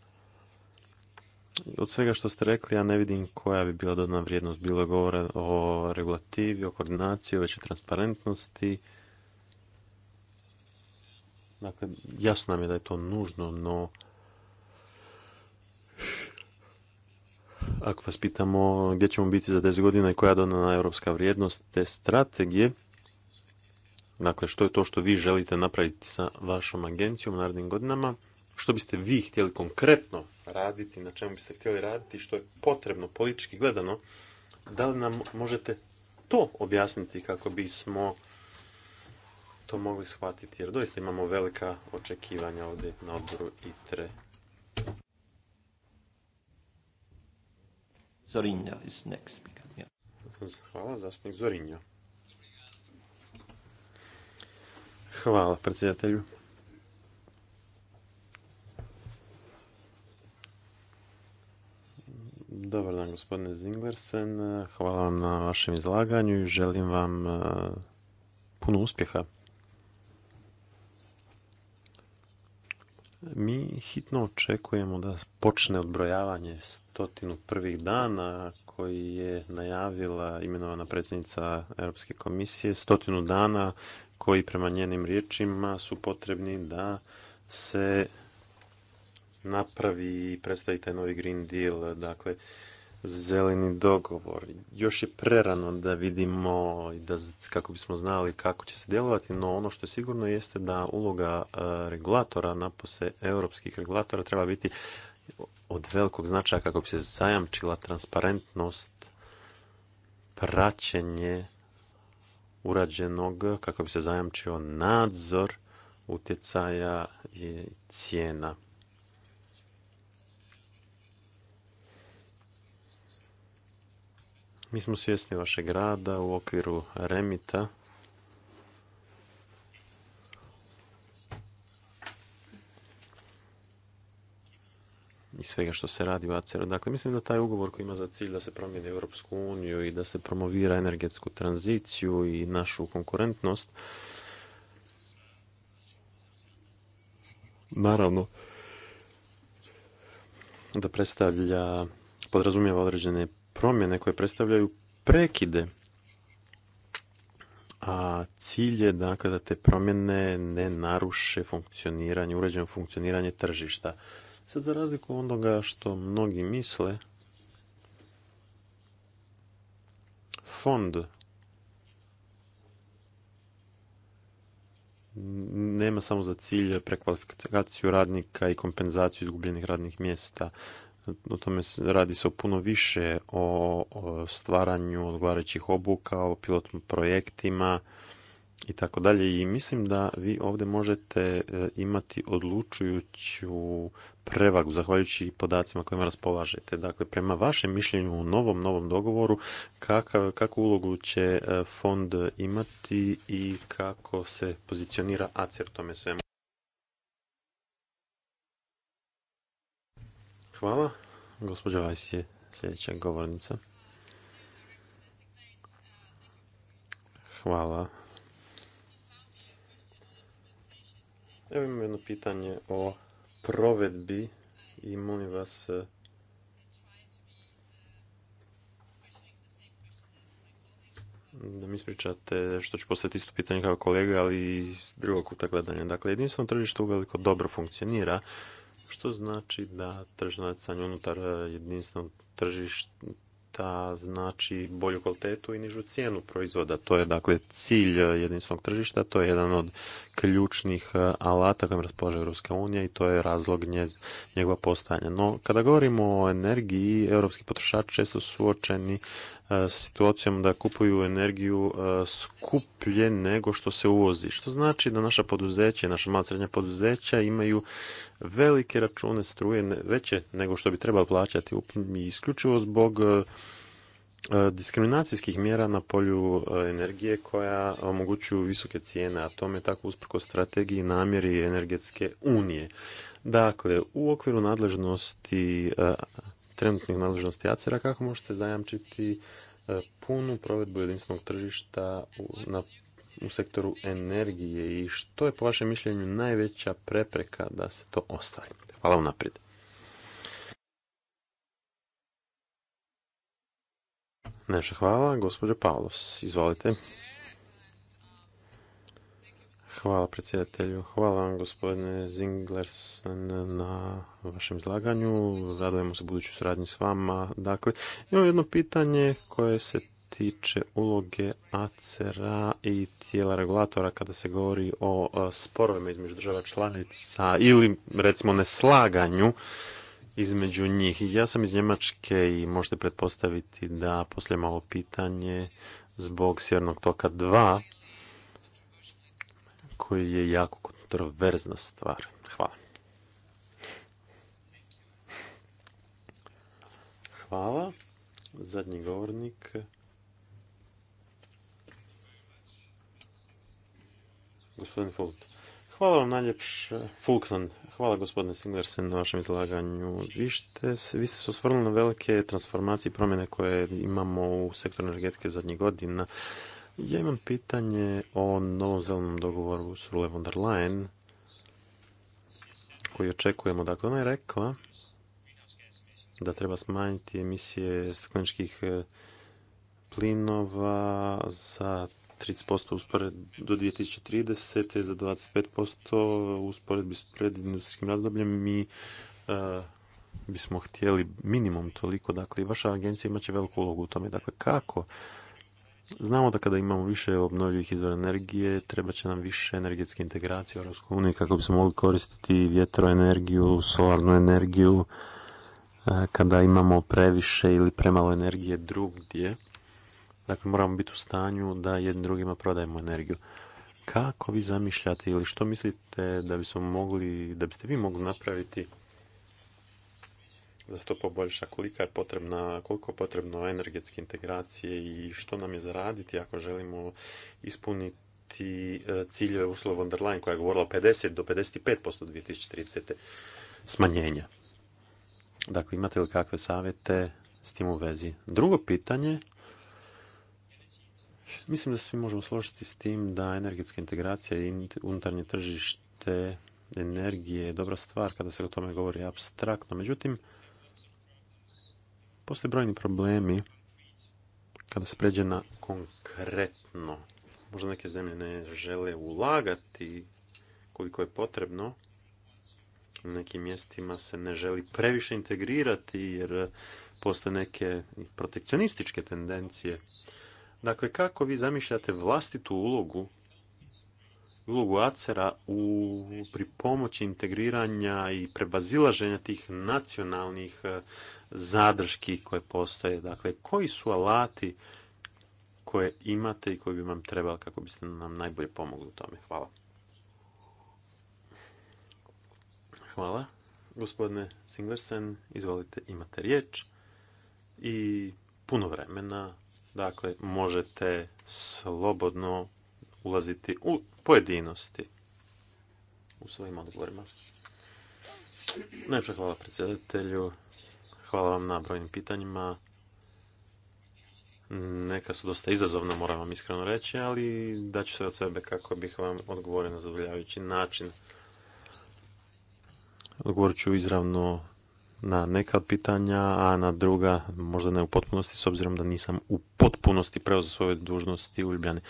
od svega što ste rekli, ja ne vidim koja bi bila dodana vrijednost. Bilo je govora o regulativi, o koordinaciji, o većoj transparentnosti. Dakle, jasno nam je da je to nužno, no ako vas pitamo gdje ćemo biti za 10 godina i koja je dodana europska vrijednost te strategije, dakle, što je to što vi želite napraviti sa vašom agencijom u narednim godinama, što biste vi htjeli konkretno raditi, na čemu biste htjeli raditi, što je potrebno politički gledano, da li nam možete to objasniti kako bismo to mogli shvatiti, jer doista imamo velika očekivanja ovdje na odboru ITRE. Zorinja is next. Hvala, zastupnik Zorinja. Hvala predsjedatelju. Dobar dan gospodine Zinglersen, hvala vam na vašem izlaganju i želim vam e, puno uspjeha. Mi hitno očekujemo da počne odbrojavanje stotinu prvih dana koji je najavila imenovana predsjednica Europske komisije. Stotinu dana koji prema njenim riječima su potrebni da se napravi i predstavi taj novi Green Deal, dakle zeleni dogovor. Još je prerano da vidimo da, kako bismo znali kako će se djelovati, no ono što je sigurno jeste da uloga e, regulatora, napose europskih regulatora, treba biti od velikog značaja kako bi se zajamčila transparentnost, praćenje urađenog, kako bi se zajamčio nadzor utjecaja i cijena. Mi smo svjesni vašeg rada u okviru Remita. i svega što se radi u ACR. Dakle, mislim da taj ugovor koji ima za cilj da se promijeni Europsku uniju i da se promovira energetsku tranziciju i našu konkurentnost, naravno da predstavlja, podrazumijeva određene promjene koje predstavljaju prekide. A cilj je dakle da te promjene ne naruše funkcioniranje, uređeno funkcioniranje tržišta. Sad za razliku od onoga što mnogi misle, fond nema samo za cilj prekvalifikaciju radnika i kompenzaciju izgubljenih radnih mjesta o tome radi se o puno više o, stvaranju odgovarajućih obuka, o pilotnim projektima i tako dalje. I mislim da vi ovdje možete e, imati odlučujuću prevagu zahvaljujući podacima kojima raspolažete. Dakle, prema vašem mišljenju u novom, novom dogovoru kakav, kakvu ulogu će e, fond imati i kako se pozicionira ACER tome svemu? Hvala. Gospođa Vajs je sljedeća govornica. Hvala. Evo imam jedno pitanje o provedbi i molim vas da mi ispričate što ću postaviti isto pitanje kao kolega, ali iz drugog kuta gledanja. Dakle, jedinstveno tržište uveliko dobro funkcionira što znači da tržno unutar jedinstvenog tržišta znači bolju kvalitetu i nižu cijenu proizvoda. To je dakle cilj jedinstvenog tržišta, to je jedan od ključnih e, alata kojim raspolaže Europska unija i to je razlog njegova postojanja. No, kada govorimo o energiji, europski potrošači često su suočeni E, situacijom da kupuju energiju e, skuplje nego što se uvozi. Što znači da naša poduzeća, naša mala srednja poduzeća imaju velike račune struje veće nego što bi trebalo plaćati i isključivo zbog e, diskriminacijskih mjera na polju energije koja omogućuju visoke cijene, a tome tako usprko strategiji i namjeri energetske unije. Dakle, u okviru nadležnosti trenutnih nadležnosti ACER-a, kako možete zajamčiti e, punu provedbu jedinstvenog tržišta u, sektoru energije i što je po vašem mišljenju najveća prepreka da se to ostvari? Hvala unaprijed. Najviše hvala, gospođo Pavlos. Izvolite. Hvala predsjedatelju. Hvala vam gospodine Zinglersen na vašem izlaganju. Radujemo se buduću suradnji s vama. Dakle, imam jedno pitanje koje se tiče uloge acr i tijela regulatora kada se govori o sporovima između država članica ili recimo neslaganju između njih. Ja sam iz Njemačke i možete pretpostaviti da poslije malo pitanje zbog Sjevernog toka 2 koji je jako kontroverzna stvar. Hvala. Hvala. Zadnji govornik. Gospodin Fult. Hvala vam najljepše, Fulksan, hvala gospodine Singlersen na vašem izlaganju. Vi, ste, vi ste se osvrnuli na velike transformacije i promjene koje imamo u sektoru energetike zadnjih godina. Ja imam pitanje o novom zelenom dogovoru s Rule von der Leyen, koji očekujemo. Dakle, ona je rekla da treba smanjiti emisije stakleničkih e, plinova za 30% uspored do 2030. za 25% usporedbi s predindustrijskim razdobljem Mi e, bismo htjeli minimum toliko. Dakle, i vaša agencija imaće veliku ulogu u tome. Dakle, kako Znamo da kada imamo više obnovljivih izvora energije, treba će nam više energetske integracije u EU kako bismo mogli koristiti vjetroenergiju, solarnu energiju, e, kada imamo previše ili premalo energije drugdje. Dakle, moramo biti u stanju da jednim drugima prodajemo energiju. Kako vi zamišljate ili što mislite da bismo mogli, da biste vi mogli napraviti da se to poboljša, kolika je potrebna, koliko je potrebno energetske integracije i što nam je zaraditi ako želimo ispuniti e, ciljeve Ursula von der Leyen koja je govorila 50 do 55% 2030. smanjenja. Dakle, imate li kakve savjete s tim u vezi? Drugo pitanje, mislim da se svi možemo složiti s tim da energetska integracija i unutarnje tržište energije je dobra stvar kada se o tome govori abstraktno. Međutim, Postoje brojni problemi kada se pređe na konkretno. Možda neke zemlje ne žele ulagati koliko je potrebno. U nekim mjestima se ne želi previše integrirati jer postoje neke protekcionističke tendencije. Dakle, kako vi zamišljate vlastitu ulogu ulogu acera a u pomoći integriranja i prebazilaženja tih nacionalnih zadrški koje postoje. Dakle, koji su alati koje imate i koji bi vam trebali kako biste nam najbolje pomogli u tome? Hvala. Hvala. Gospodine Singlersen, izvolite, imate riječ i puno vremena. Dakle, možete slobodno ulaziti u pojedinosti u svojim odgovorima. Najpša hvala predsjedatelju. Hvala vam na brojnim pitanjima. Neka su dosta izazovna, moram vam iskreno reći, ali daću se od sebe kako bih vam odgovorio na zadovoljavajući način. Odgovorit ću izravno na neka od pitanja, a na druga možda ne u potpunosti, s obzirom da nisam u potpunosti preuzeo svoje dužnosti u Ljubljani.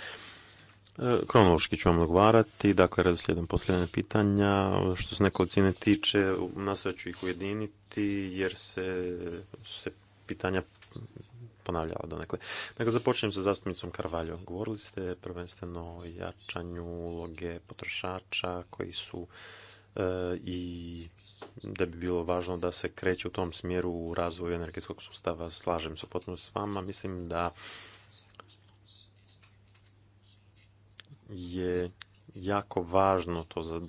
E, kronološki ću vam odgovarati, dakle, redoslijedom posljedne pitanja. Što se nekolicine tiče, nastojat ću ih ujediniti jer se, se pitanja ponavljala donekle. Dakle, započnem sa zastupnicom Karvaljo. Govorili ste prvenstveno o jačanju uloge potrošača koji su e, i da bi bilo važno da se kreće u tom smjeru u razvoju energetskog sustava. Slažem se potpuno s vama. Mislim da je jako važno to za, e,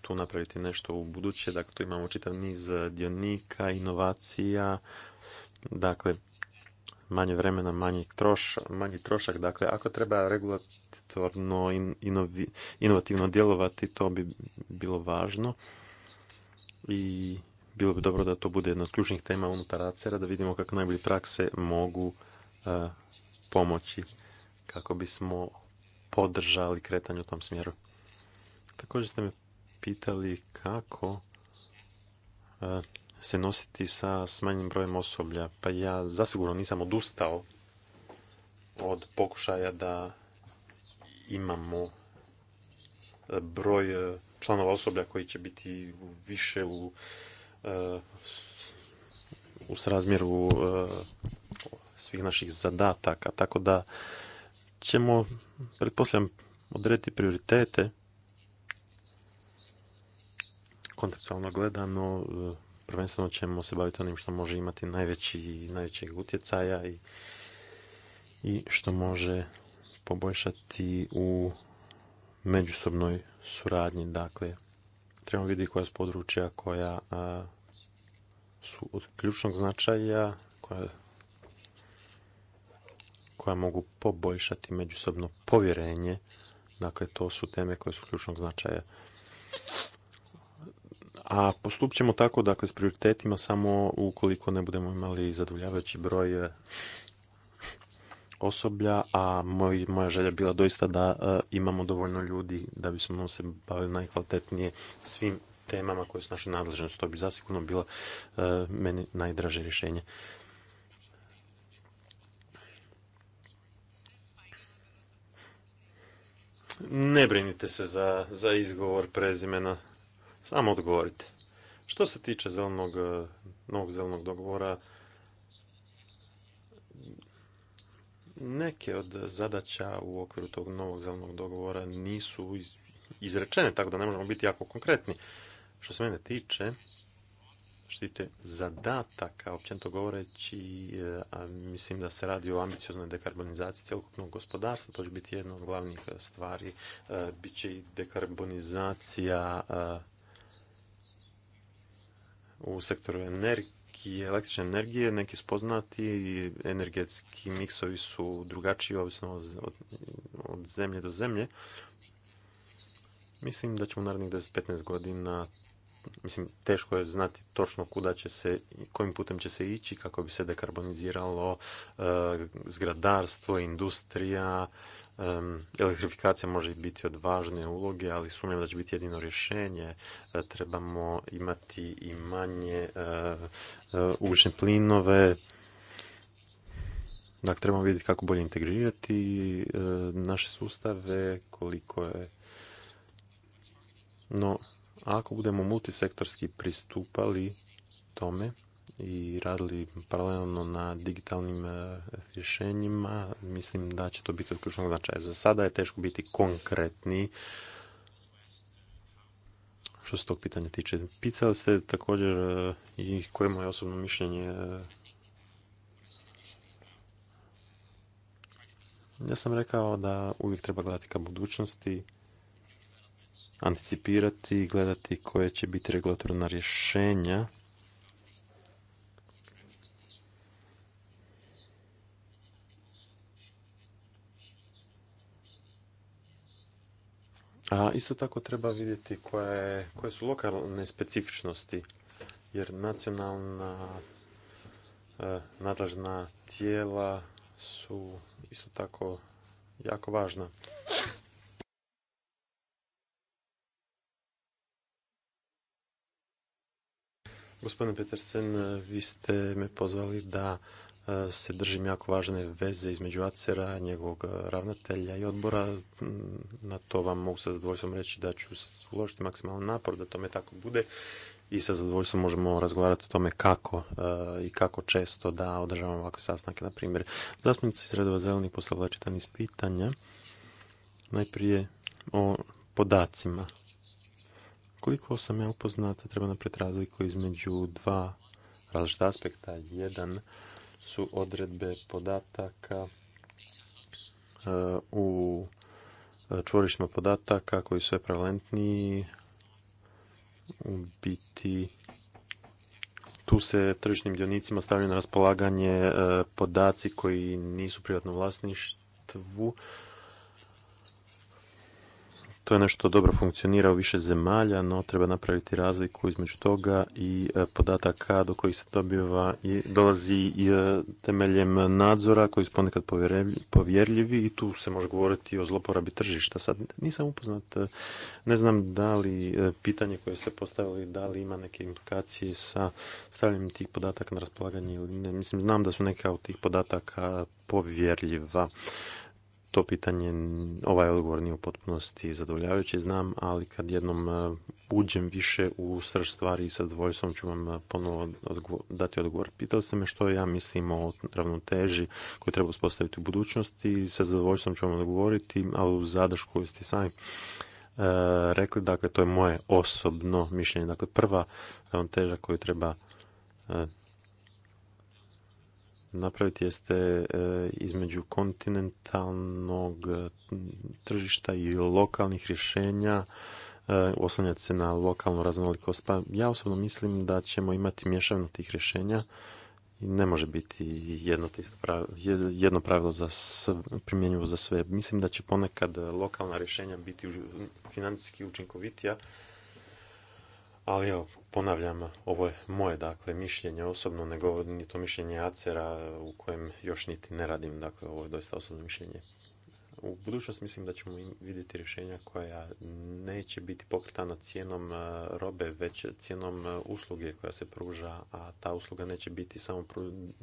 tu napraviti nešto u buduće. Dakle, tu imamo čitav niz e, dionika, inovacija, dakle, manje vremena, manji, troš, manji trošak. Dakle, ako treba regulatorno inovativno djelovati, to bi bilo važno i bilo bi dobro da to bude jedna od ključnih tema unutar acer da vidimo kako najbolje prakse mogu e, pomoći kako bismo podržali kretanje u tom smjeru. Također ste me pitali kako e, se nositi sa smanjenim brojem osoblja. Pa ja zasigurno nisam odustao od pokušaja da imamo e, broj e, članova osoblja koji će biti više u, u srazmjeru svih naših zadataka. Tako da ćemo, pretpostavljam, odrediti prioritete kontekstualno gledano, e, prvenstveno ćemo se baviti onim što može imati najveći, najvećeg utjecaja i, i što može poboljšati u međusobnoj suradnji. Dakle, trebamo vidjeti koja su područja koja e, su od ključnog značaja, koja koja mogu poboljšati međusobno povjerenje. Dakle, to su teme koje su ključnog značaja. A postup ćemo tako, dakle, s prioritetima samo ukoliko ne budemo imali zadovoljavajući broj e, osoblja, a moj, moja želja bila doista da e, imamo dovoljno ljudi da bismo se bavili najkvalitetnije svim temama koje su naše nadležnosti. To bi zasigurno bilo e, meni najdraže rješenje. Ne brinite se za, za izgovor prezimena, samo odgovorite. Što se tiče e, novog zelenog dogovora, neke od zadaća u okviru tog novog zelenog dogovora nisu izrečene, tako da ne možemo biti jako konkretni. Što se mene tiče, štite zadataka, općenito govoreći, e, a mislim da se radi o ambicioznoj dekarbonizaciji cjelokupnog gospodarstva, to će biti jedna od glavnih e, stvari, e, bit će i dekarbonizacija u sektoru energije, električne energije, neki spoznati i energetski miksovi su drugačiji ovisno od, zemlje do zemlje. Mislim da ćemo u narednih 10-15 godina Mislim, teško je znati točno kuda će se, kojim putem će se ići kako bi se dekarboniziralo e, zgradarstvo, industrija. E, elektrifikacija može biti od važne uloge, ali sumnjam da će biti jedino rješenje. E, trebamo imati i manje ulične plinove, Dakle, trebamo vidjeti kako bolje integrirati naše sustave, koliko je... No, ako budemo multisektorski pristupali tome i radili paralelno na digitalnim e, rješenjima, mislim da će to biti od ključnog značaja. Za sada je teško biti konkretni što se tog pitanja tiče. Pitali ste također e, i koje je moje osobno mišljenje e, Ja sam rekao da uvijek treba gledati ka budućnosti anticipirati i gledati koje će biti regulatorna rješenja A isto tako treba vidjeti koje, su lokalne specifičnosti, jer nacionalna e, nadležna tijela su isto tako jako važna. Gospodine Petersen, vi ste me pozvali da e, se držim jako važne veze između Acera, njegovog e, ravnatelja i odbora. Mm, na to vam mogu sa zadovoljstvom reći da ću uložiti maksimalan napor da tome tako bude i sa zadovoljstvom možemo razgovarati o tome kako e, i kako često da održavamo ovakve sastanke. Na primjer, zastupnici iz redova zelenih postavila čitav pitanja. Najprije o podacima koliko sam ja upoznata, treba napraviti razliku između dva različita aspekta. Jedan su odredbe podataka e, u e, čvorištima podataka koji su sve prevalentniji u biti tu se tržišnim dionicima stavljaju na raspolaganje e, podaci koji nisu privatno vlasništvu to je nešto dobro funkcionira u više zemalja, no treba napraviti razliku između toga i e, podataka do kojih se dobiva i dolazi i e, temeljem nadzora koji su ponekad povjerljivi i tu se može govoriti o zloporabi tržišta. Sad nisam upoznat, e, ne znam da li pitanje koje se postavili, da li ima neke implikacije sa stavljanjem tih podataka na raspolaganje ili ne. Mislim, znam da su neka od tih podataka povjerljiva to pitanje, ovaj odgovor nije u potpunosti zadovoljavajući, znam, ali kad jednom e, uđem više u srž stvari i sa dvojstvom ću vam e, ponovo dati odgovor. Pitali ste me što ja mislim o ravnoteži koju treba uspostaviti u budućnosti i sa zadovoljstvom ću vam odgovoriti, ali u zadršku koju ste sami e, rekli, dakle to je moje osobno mišljenje. Dakle, prva ravnoteža koju treba napraviti jeste e, između kontinentalnog e, tržišta i lokalnih rješenja e, oslanjati se na lokalnu raznolikost. Pa ja osobno mislim da ćemo imati mješavno tih rješenja i ne može biti jedno, jedno pravilo za primjenjivo za sve. Mislim da će ponekad lokalna rješenja biti financijski učinkovitija ali evo, ponavljam, ovo je moje dakle, mišljenje osobno, nego nije to mišljenje Acera u kojem još niti ne radim, dakle ovo je doista osobno mišljenje u budućnost mislim da ćemo vidjeti rješenja koja neće biti pokretana cijenom e, robe, već cijenom e, usluge koja se pruža, a ta usluga neće biti samo e,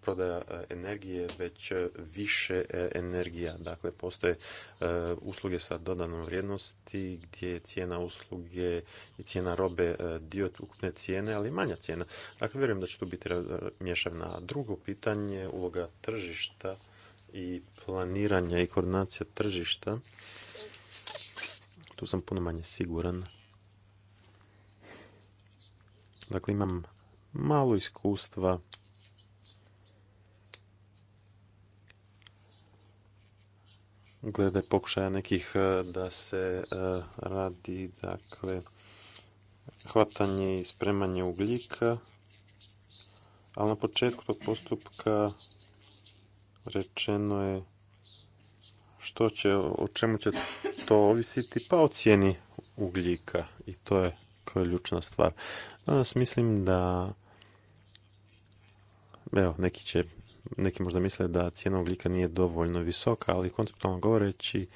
prodaja energije, već više energija. Dakle, postoje usluge sa dodanom vrijednosti gdje je cijena usluge i cijena robe dio ukupne cijene, ali manja cijena. Dakle, vjerujem da će tu biti mješavna. Drugo pitanje, uloga tržišta i planiranja i koordinacija tržišta, tu sam puno manje siguran. Dakle, imam malo iskustva glede pokušaja nekih e, da se e, radi dakle hvatanje i spremanje ugljika ali na početku tog postupka rečeno je što će, o čemu će to ovisiti, pa o cijeni ugljika i to je ključna stvar. Danas mislim da evo, neki će neki možda misle da cijena ugljika nije dovoljno visoka, ali konceptualno govoreći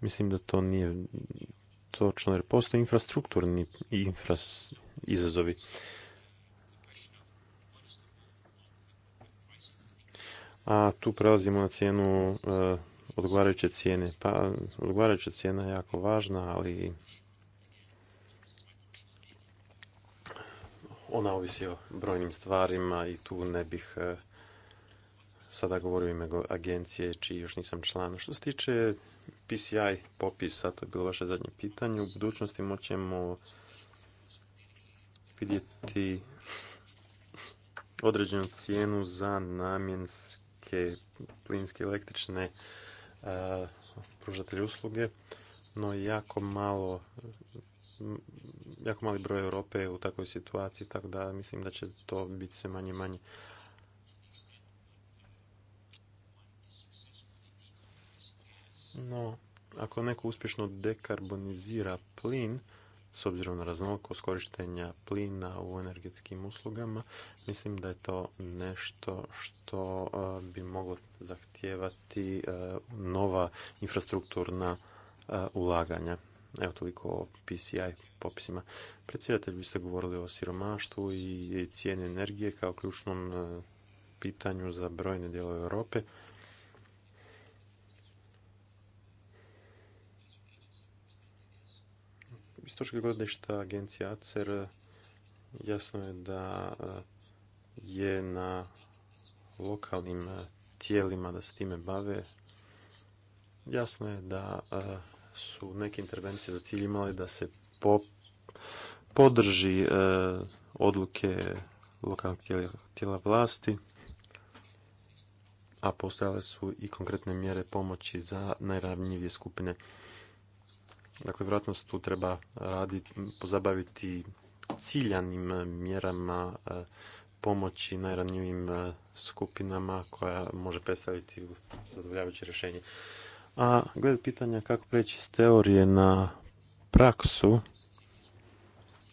mislim da to nije točno, jer postoje infrastrukturni izazovi. a tu prelazimo na cijenu e, odgovarajuće cijene. Pa odgovarajuća cijena je jako važna, ali ona ovisi o brojnim stvarima i tu ne bih e, sada govorio ime agencije čiji još nisam član. Što se tiče PCI popisa, to je bilo vaše zadnje pitanje, u budućnosti moćemo vidjeti određenu cijenu za namjenski neke plinske električne e, pružatelje usluge, no jako malo jako mali broj Europe je u takvoj situaciji, tako da mislim da će to biti sve manje i manje. No, ako neko uspješno dekarbonizira plin, s obzirom na raznolikost korištenja plina u energetskim uslugama, mislim da je to nešto što e, bi moglo zahtijevati e, nova infrastrukturna e, ulaganja. Evo toliko o PCI popisima. Predsjedatelj, vi ste govorili o siromaštvu i cijeni energije kao ključnom pitanju za brojne dijelove Europe. iz točke agencija ACER jasno je da e, je na lokalnim e, tijelima da se time bave. Jasno je da e, su neke intervencije za cilj imale da se podrži odluke lokalnih tijela, vlasti, a postojale su i konkretne mjere pomoći za najravnjivije skupine Dakle, vjerojatno se tu treba raditi, pozabaviti ciljanim mjerama e, pomoći najranjivim e, skupinama koja može predstaviti zadovoljavajuće rješenje. A gled pitanja kako preći s teorije na praksu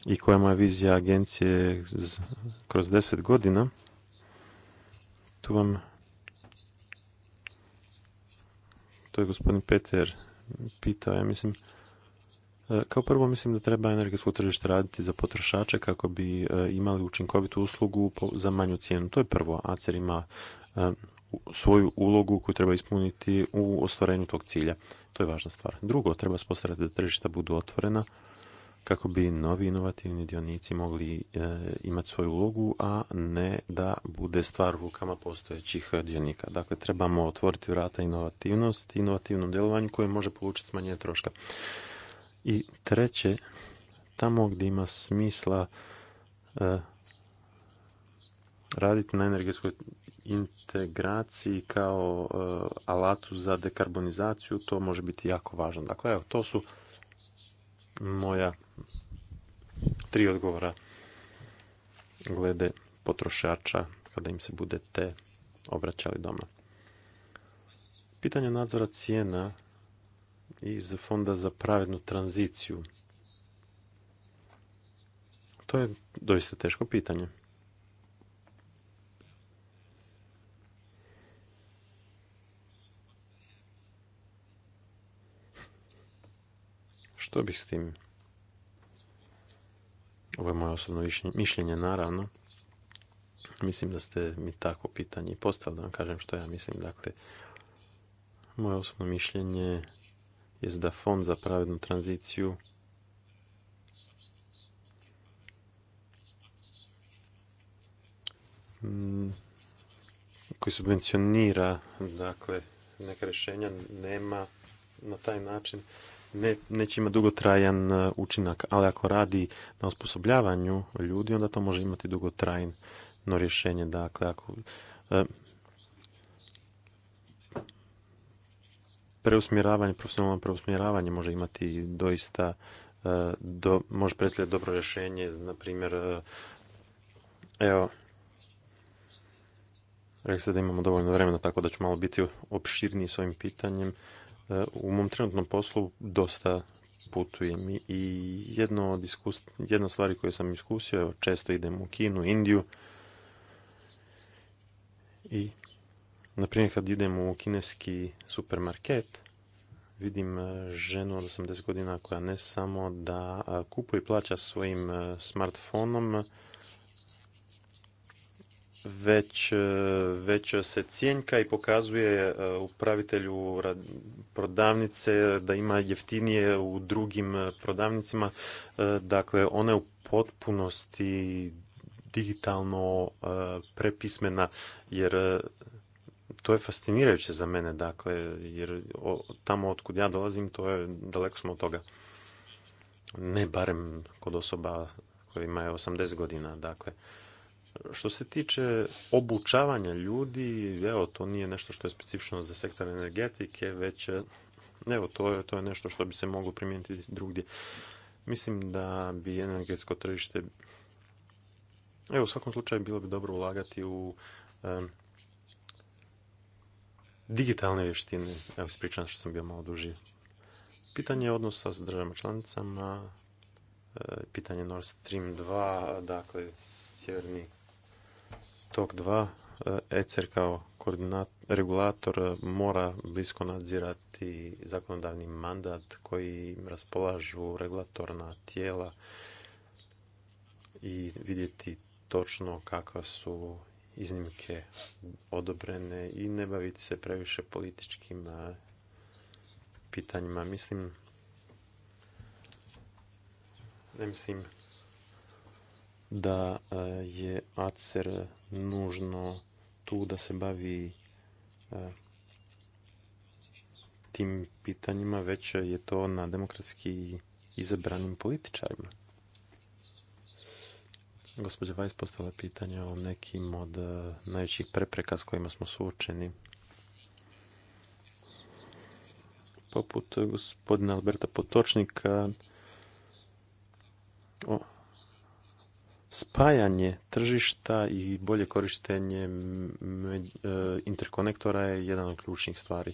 i koja je moja vizija agencije kroz deset godina, tu vam to je gospodin Peter pitao, ja mislim, E, kao prvo mislim da treba energetsko tržište raditi za potrošače kako bi e, imali učinkovitu uslugu za manju cijenu. To je prvo. ACER ima e, svoju ulogu koju treba ispuniti u ostvarenju tog cilja. To je važna stvar. Drugo, treba spostarati da tržišta budu otvorena kako bi novi inovativni dionici mogli imati svoju ulogu, a ne da bude stvar u rukama postojećih dionika. Dakle, trebamo otvoriti vrata inovativnost, inovativnom djelovanju koje može polučiti smanjenje troška. I treće, tamo gdje ima smisla e, raditi na energetskoj integraciji kao e, alatu za dekarbonizaciju, to može biti jako važno. Dakle, evo, to su moja tri odgovora glede potrošača kada im se budete obraćali doma. Pitanje nadzora cijena iz Fonda za pravednu tranziciju? To je doista teško pitanje. Što bih s tim? Ovo je moje osobno mišljenje, naravno. Mislim da ste mi tako pitanje i postavili, da vam kažem što ja mislim. Dakle, moje osobno mišljenje je da Fond za pravednu tranziciju koji subvencionira dakle neka rješenja nema na taj način ne, neće imati dugotrajan e, učinak, ali ako radi na osposobljavanju ljudi, onda to može imati dugotrajno rješenje. Dakle, ako, e, preusmjeravanje, profesionalno preusmjeravanje može imati doista, e, do, može predstavljati dobro rješenje, na primjer, e, evo, rekli ste da imamo dovoljno vremena, tako da ću malo biti opširniji s ovim pitanjem. E, u mom trenutnom poslu dosta putujem i jedno od stvari koje sam iskusio, evo, često idem u Kinu, Indiju i na primjer, kad idem u kineski supermarket, vidim e, ženu od 80 godina koja ne samo da e, kupuje i plaća svojim e, smartfonom, već, već se cijenka i pokazuje upravitelju prodavnice da ima jeftinije u drugim prodavnicima. Dakle, ona je u potpunosti digitalno prepismena, jer to je fascinirajuće za mene, dakle, jer tamo otkud ja dolazim, to je, daleko smo od toga. Ne barem kod osoba koje imaju 80 godina, dakle. Što se tiče obučavanja ljudi, evo, to nije nešto što je specifično za sektor energetike, već, evo, to je, to je nešto što bi se moglo primijeniti drugdje. Mislim da bi energetsko tržište, evo, u svakom slučaju bilo bi dobro ulagati u digitalne vještine. Evo, ispričavam što sam bio malo duži. Pitanje odnosa s državama članicama, e, pitanje Nord Stream 2, dakle, sjeverni tok 2, ECR e kao regulator mora blisko nadzirati zakonodavni mandat koji raspolažu regulatorna tijela i vidjeti točno kakva su iznimke odobrene i ne baviti se previše političkim pitanjima. Mislim, ne mislim da je ACER nužno tu da se bavi tim pitanjima, već je to na demokratski izabranim političarima. Gospođa Vajs postala pitanje o nekim od e, najvećih prepreka s kojima smo suočeni. Poput gospodina Alberta Potočnika, spajanje tržišta i bolje korištenje e, interkonektora je jedan od ključnih stvari.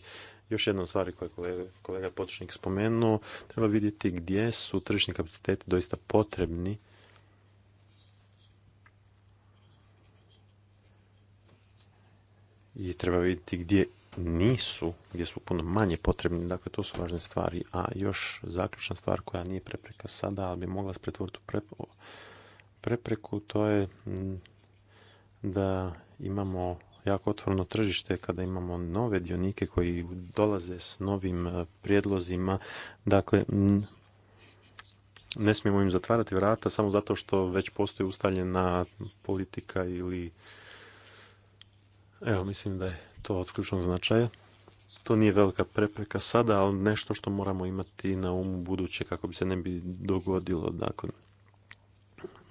Još jedna od stvari koje je kolega Potočnik spomenuo, treba vidjeti gdje su tržišni kapaciteti doista potrebni i treba vidjeti gdje nisu, gdje su puno manje potrebni. Dakle, to su važne stvari. A još zaključna stvar koja nije prepreka sada, ali bi mogla se pretvoriti u prepreku, to je mm, da imamo jako otvoreno tržište kada imamo nove dionike koji dolaze s novim e, prijedlozima. Dakle, ne smijemo im zatvarati vrata samo zato što već postoji ustaljena politika ili Evo, mislim da je to od ključnog značaja. To nije velika prepreka sada, ali nešto što moramo imati na umu buduće kako bi se ne bi dogodilo. Dakle,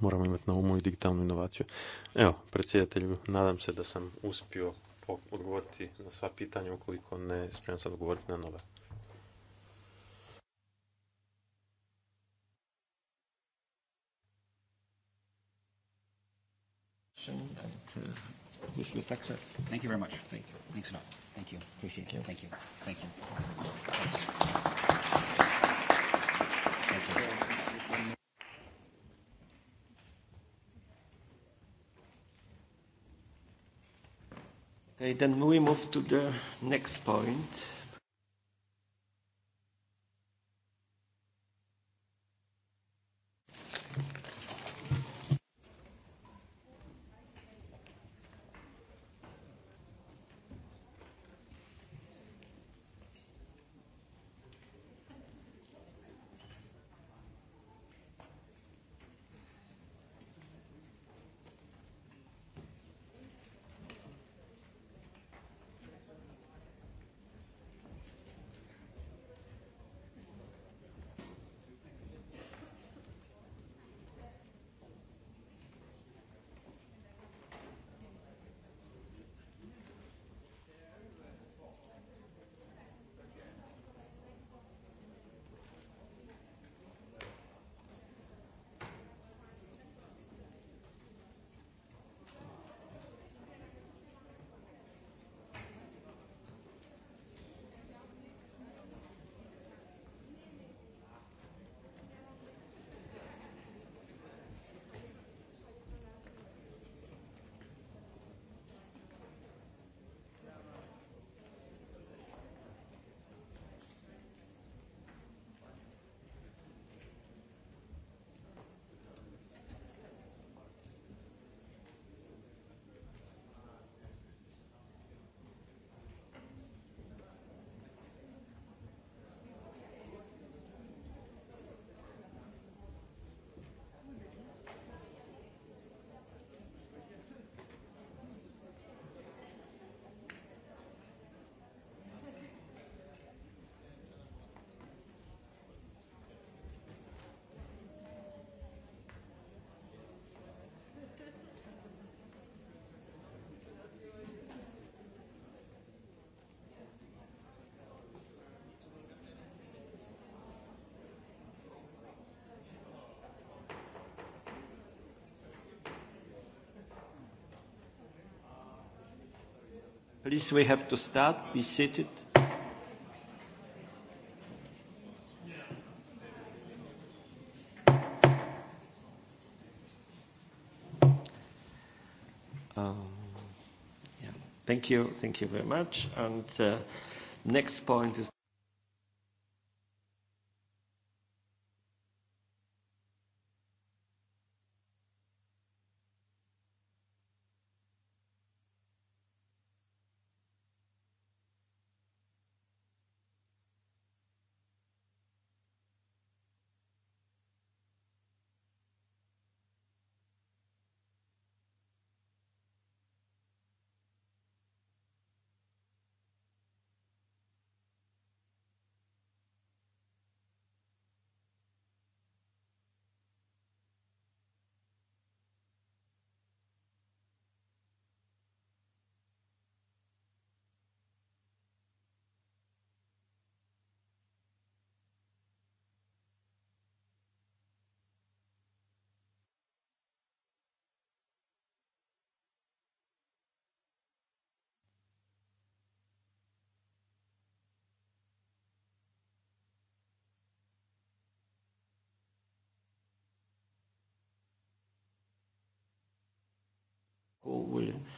moramo imati na umu i digitalnu inovaciju. Evo, predsjedatelju, nadam se da sam uspio odgovoriti na sva pitanja ukoliko ne spremam sad odgovoriti na nove wish you success. Thank you very much. Thank you. Thanks a lot. Thank you. Appreciate it. Thank you. Thank you. Thanks. Thank you. Okay, then we move to the next point. Please, we have to start. Be seated. Um, yeah. Thank you. Thank you very much. And uh, next point is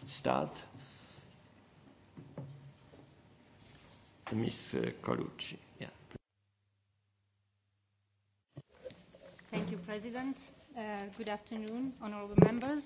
start. Miss Colucci. Yeah. Thank you, President. Uh, good afternoon, honorable members.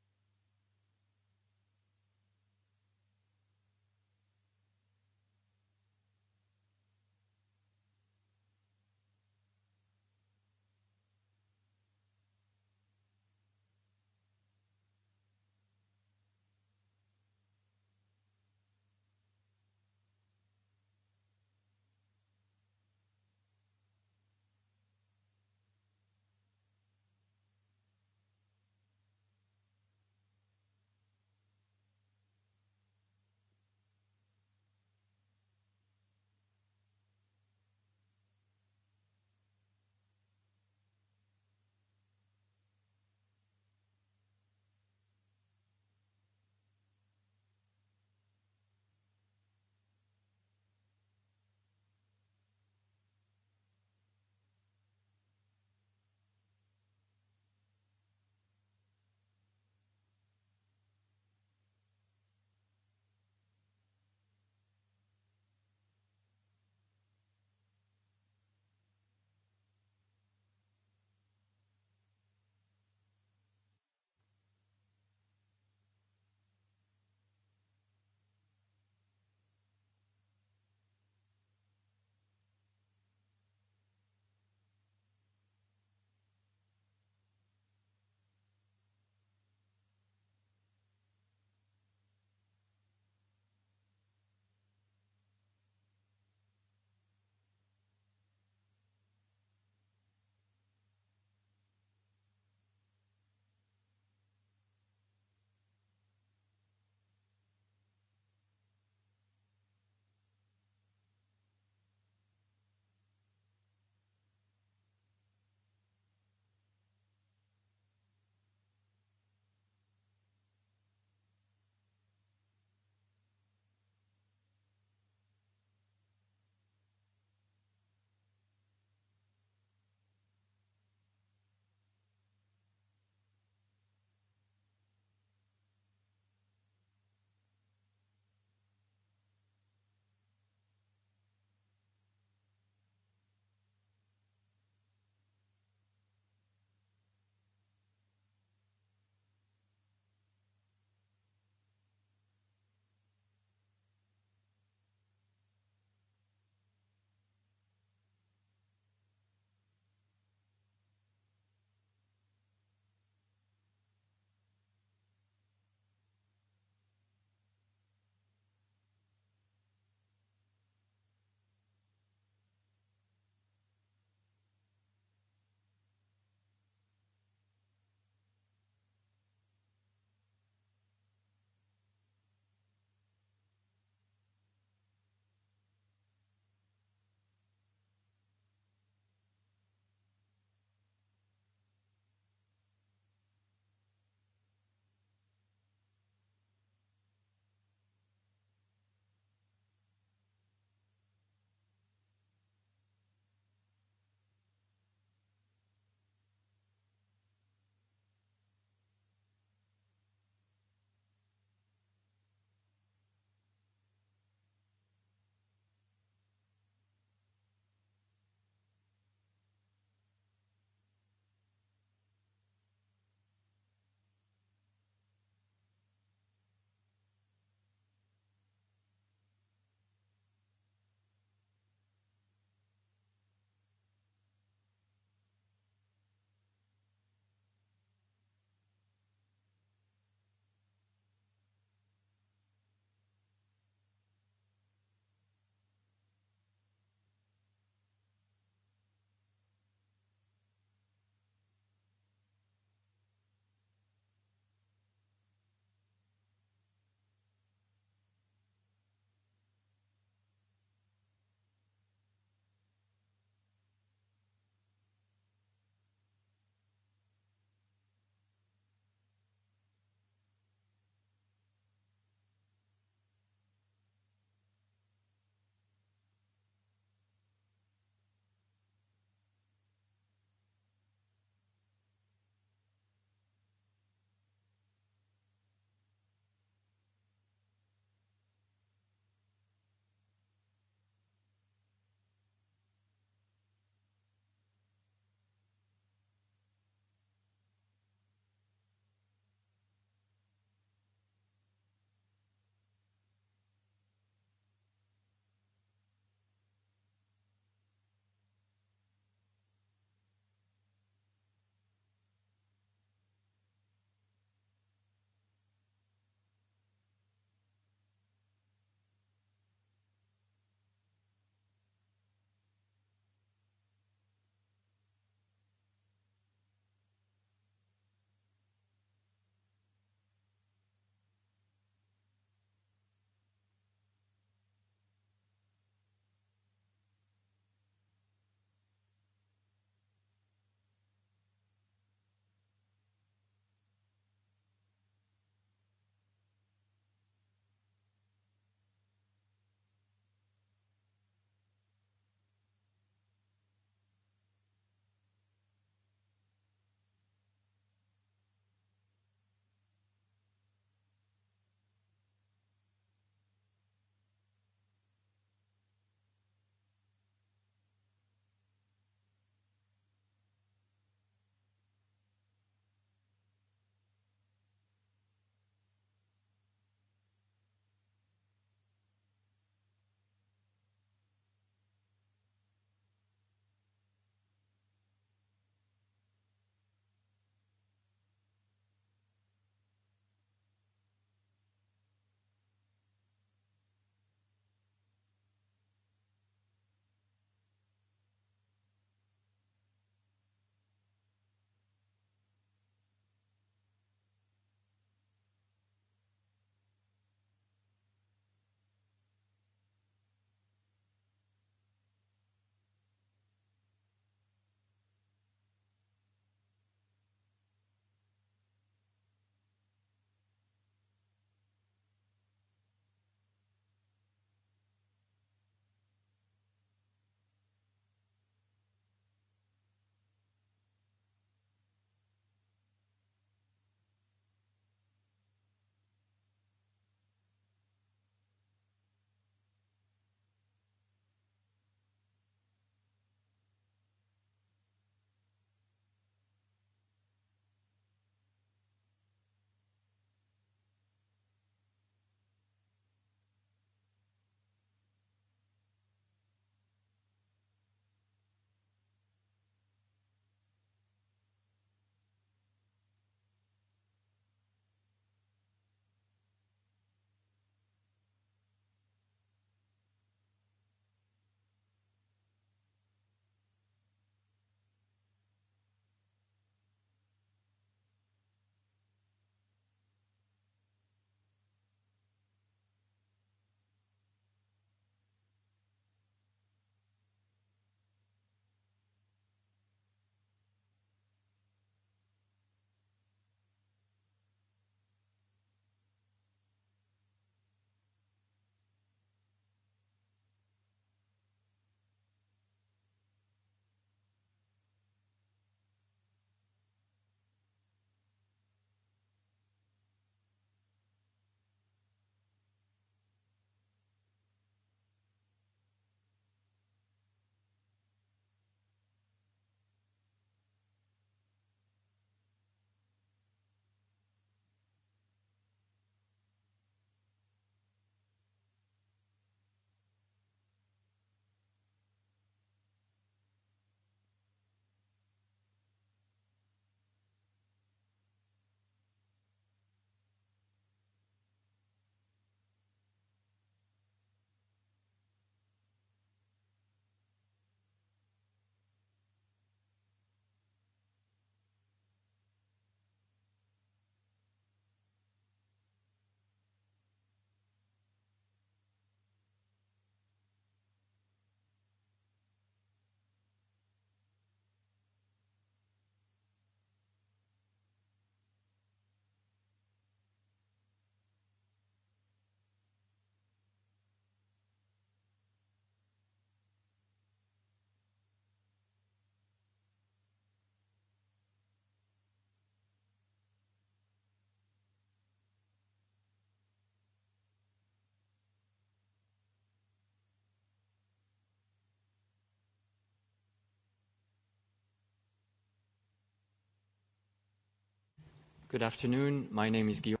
Good afternoon. My name is Guillaume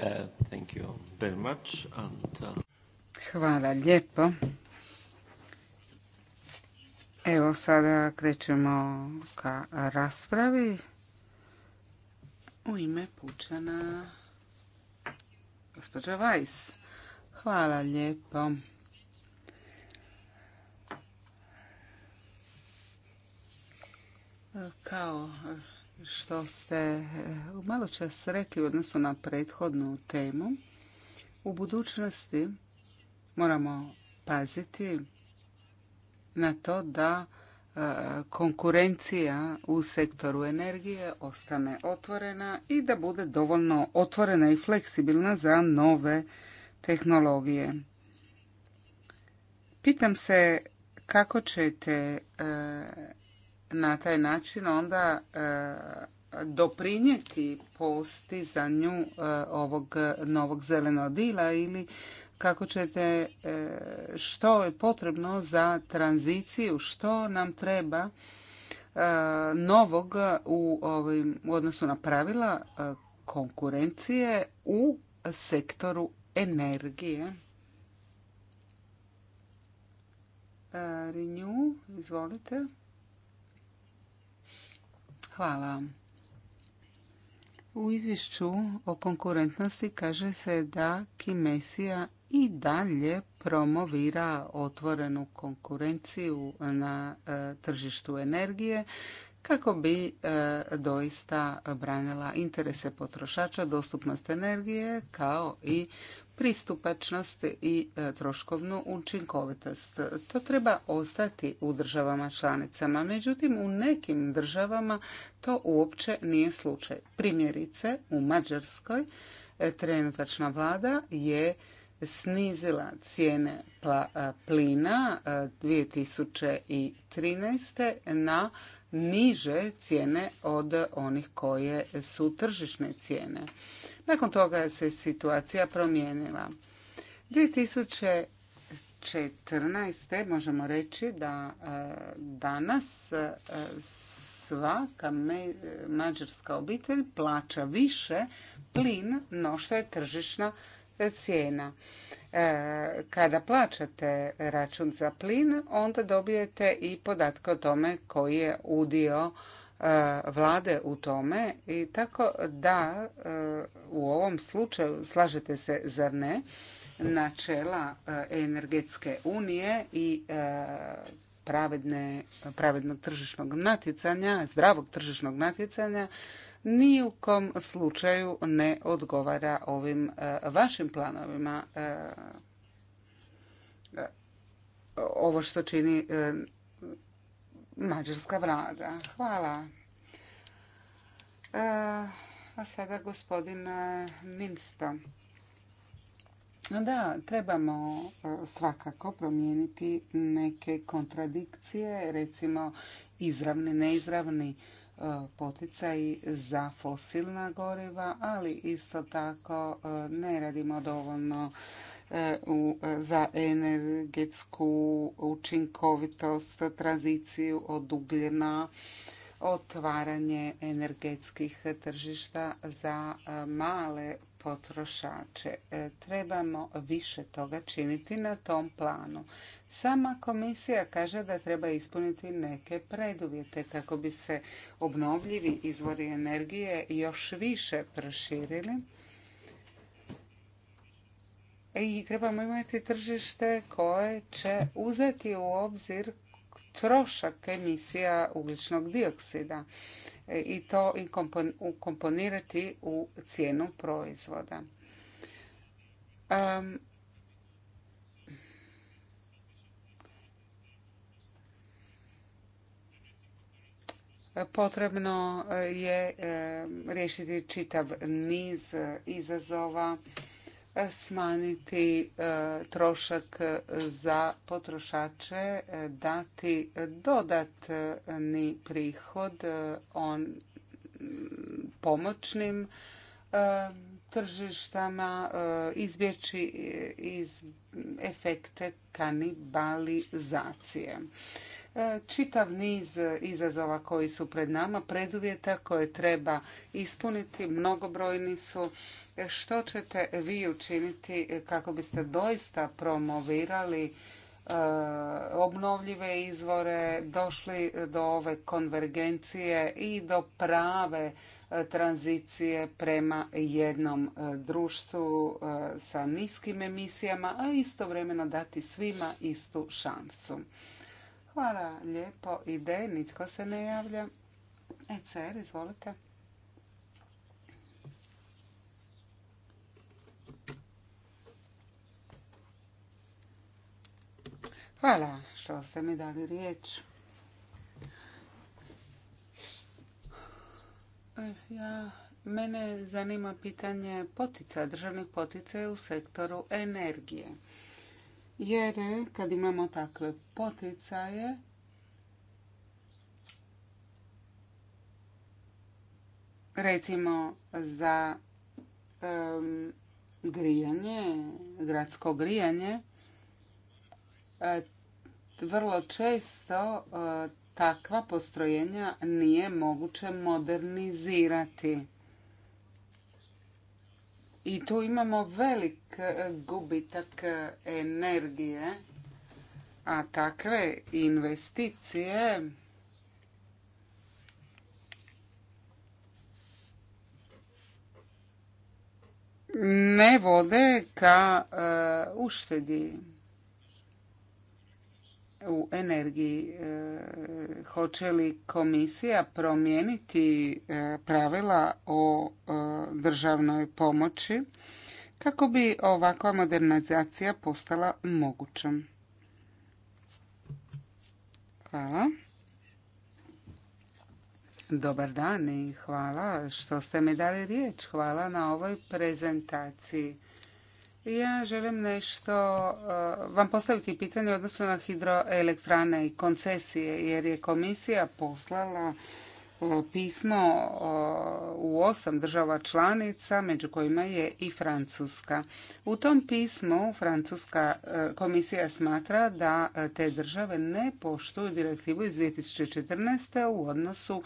Uh, thank you uh, Hvala lijepo. Evo sada krećemo ka raspravi u ime Pučana gospođa Vajs. Hvala lijepo. Kao što ste eh, malo čas rekli u odnosu na prethodnu temu. U budućnosti moramo paziti na to da eh, konkurencija u sektoru energije ostane otvorena i da bude dovoljno otvorena i fleksibilna za nove tehnologije. Pitam se kako ćete eh, na taj način onda e, doprinijeti postizanju e, ovog novog zelenog dila ili kako ćete, e, što je potrebno za tranziciju, što nam treba novog u, ovim, u odnosu na pravila konkurencije u sektoru energije. Renew, izvolite. Hvala. U izvješću o konkurentnosti kaže se da Kimesija i dalje promovira otvorenu konkurenciju na e, tržištu energije kako bi e, doista branila interese potrošača, dostupnost energije kao i pristupačnost i e, troškovnu učinkovitost. To treba ostati u državama članicama, međutim u nekim državama to uopće nije slučaj. Primjerice u Mađarskoj e, trenutačna vlada je snizila cijene e, plina 2013. na niže cijene od onih koje su tržišne cijene. Nakon toga se situacija promijenila. 2014. možemo reći da e, danas e, svaka mađarska obitelj plaća više plin no što je tržišna e, cijena. Kada plaćate račun za plin, onda dobijete i podatke o tome koji je udio E, vlade u tome i tako da e, u ovom slučaju, slažete se zar ne, načela e, energetske unije i pravednog tržišnog natjecanja, zdravog tržišnog natjecanja, ni u kom slučaju ne odgovara ovim vašim planovima ovo što čini mađarska vlada. Hvala. E, a sada gospodin e, Minsto. Da, trebamo e, svakako promijeniti neke kontradikcije, recimo izravni, neizravni poticaji za fosilna goriva, ali isto tako ne radimo dovoljno za energetsku učinkovitost, tranziciju od ugljena, otvaranje energetskih tržišta za e, male potrošače. E, trebamo više toga činiti na tom planu. Sama komisija kaže da treba ispuniti neke preduvjete kako bi se obnovljivi izvori energije još više proširili i trebamo imati tržište koje će uzeti u obzir trošak emisija ugljičnog dioksida i to ukomponirati u cijenu proizvoda. potrebno je riješiti čitav niz izazova smanjiti e, trošak za potrošače, e, dati dodatni prihod e, on pomoćnim tržištama, izbjeći iz efekte kanibalizacije. Čitav niz izazova koji su pred nama, preduvjeta koje treba ispuniti, mnogobrojni su E, što ćete vi učiniti kako biste doista promovirali e, obnovljive izvore, došli do ove konvergencije i do prave e, tranzicije prema jednom društvu sa niskim emisijama, a istovremeno dati svima istu šansu. Hvala lijepo. Ide, nitko se ne javlja. ECR, izvolite. Hvala što ste mi dali riječ. Eh, ja, mene zanima pitanje potica, državnih poticaja u sektoru energije. Jer eh, kad imamo takve poticaje, recimo za grijanje, gradsko grijanje, E, vrlo često e, takva postrojenja nije moguće modernizirati. I tu imamo velik e, gubitak energije, a takve investicije ne vode ka uštedi u energiji. E, hoće li komisija promijeniti e, pravila o e, državnoj pomoći kako bi ovakva modernizacija postala moguća? Hvala. Dobar dan i hvala što ste mi dali riječ. Hvala na ovoj prezentaciji. Ja želim nešto eh, vam postaviti pitanje odnosno na hidroelektrane i koncesije jer je komisija poslala pismo u osam država članica, među kojima je i Francuska. U tom pismu Francuska e, komisija smatra da e, te države ne poštuju direktivu iz 2014. u odnosu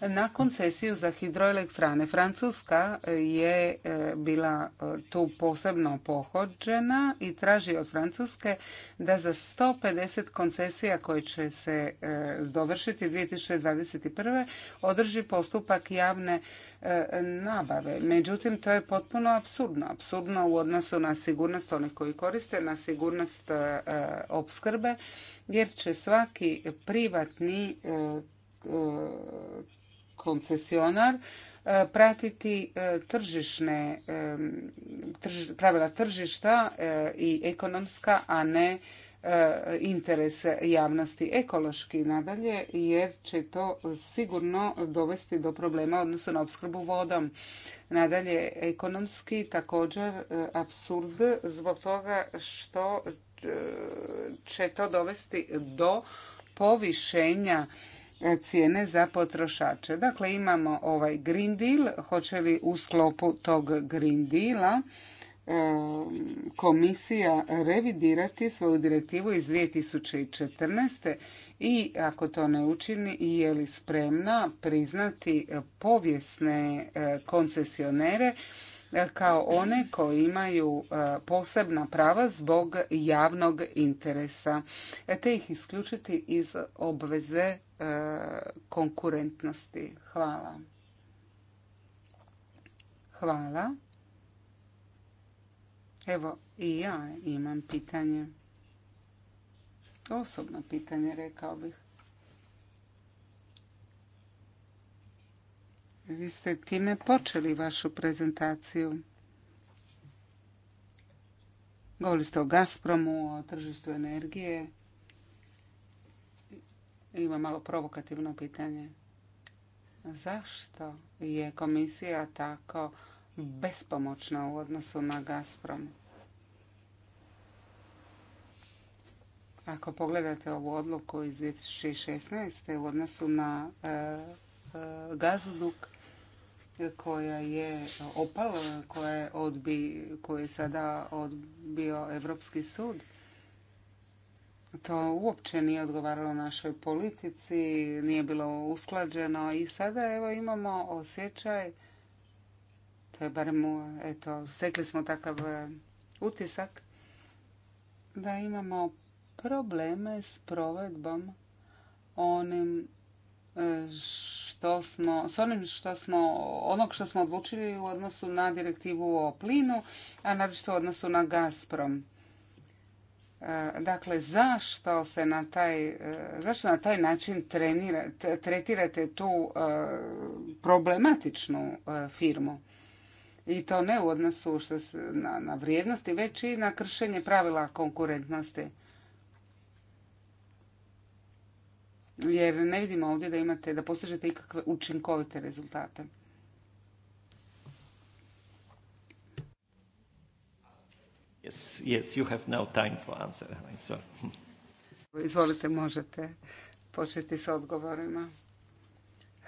na koncesiju za hidroelektrane. Francuska e, je bila tu posebno pohođena i traži od Francuske da za 150 koncesija koje će se dovršiti 2021 održi postupak javne e, nabave. Međutim, to je potpuno absurdno. Absurdno u odnosu na sigurnost onih koji koriste, na sigurnost e, opskrbe, jer će svaki privatni e, koncesionar pratiti tržišne, pravila tržišta i ekonomska, a ne E, interes javnosti ekološki nadalje jer će to sigurno dovesti do problema odnosno na opskrbu vodom. Nadalje ekonomski također e, absurd zbog toga što e, će to dovesti do povišenja cijene za potrošače. Dakle, imamo ovaj Green Deal. Hoće li u sklopu tog Green Deala komisija revidirati svoju direktivu iz 2014. i ako to ne učini je li spremna priznati povijesne e, koncesionere e, kao one koji imaju e, posebna prava zbog javnog interesa te ih isključiti iz obveze konkurentnosti. Hvala. Hvala. Evo, i ja imam pitanje. Osobno pitanje, rekao bih. Vi ste time počeli vašu prezentaciju. Govorili ste o Gazpromu, o tržištu energije. Ima malo provokativno pitanje. Zašto je komisija tako bespomoćna u odnosu na Gazprom. Ako pogledate ovu odluku iz 2016. u odnosu na e, e, gazoduk koja je opala, koja je odbi, sada odbio Europski sud, to uopće nije odgovaralo našoj politici, nije bilo usklađeno i sada evo imamo osjećaj to je barem, eto, stekli smo takav e, utisak da imamo probleme s provedbom onim e, što smo, s onim što smo, onog što smo odlučili u odnosu na direktivu o plinu, a naročito u odnosu na Gazprom. E, dakle, zašto se na taj, zašto na taj način tretirate tu problematičnu firmu? i to ne u odnosu što se, na, na vrijednosti, već i na kršenje pravila konkurentnosti. Jer ne vidimo ovdje da imate, da postižete ikakve učinkovite rezultate. Yes, yes, you have now time for answer. I'm sorry. Izvolite, možete početi s odgovorima.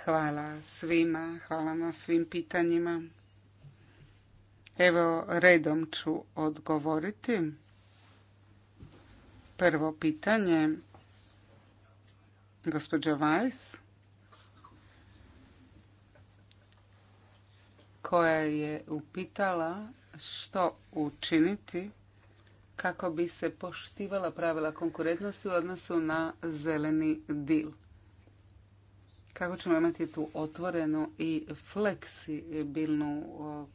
Hvala svima, hvala na svim pitanjima. Evo, redom ću odgovoriti. Prvo pitanje, gospođa Vajs, koja je upitala što učiniti kako bi se poštivala pravila konkurentnosti u odnosu na zeleni dil kako ćemo imati tu otvorenu i fleksibilnu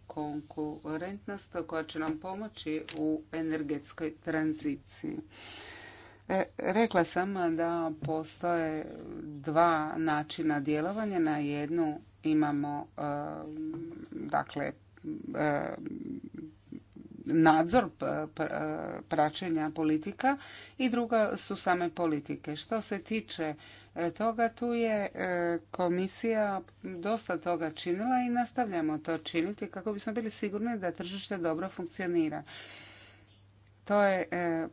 konkurentnost koja će nam pomoći u energetskoj tranziciji. E, rekla sam da postoje dva načina djelovanja. Na jednu imamo e, dakle e, nadzor praćenja politika i druga su same politike. Što se tiče E, toga. Tu je e, komisija dosta toga činila i nastavljamo to činiti kako bismo bili sigurni da tržište dobro funkcionira. To je e,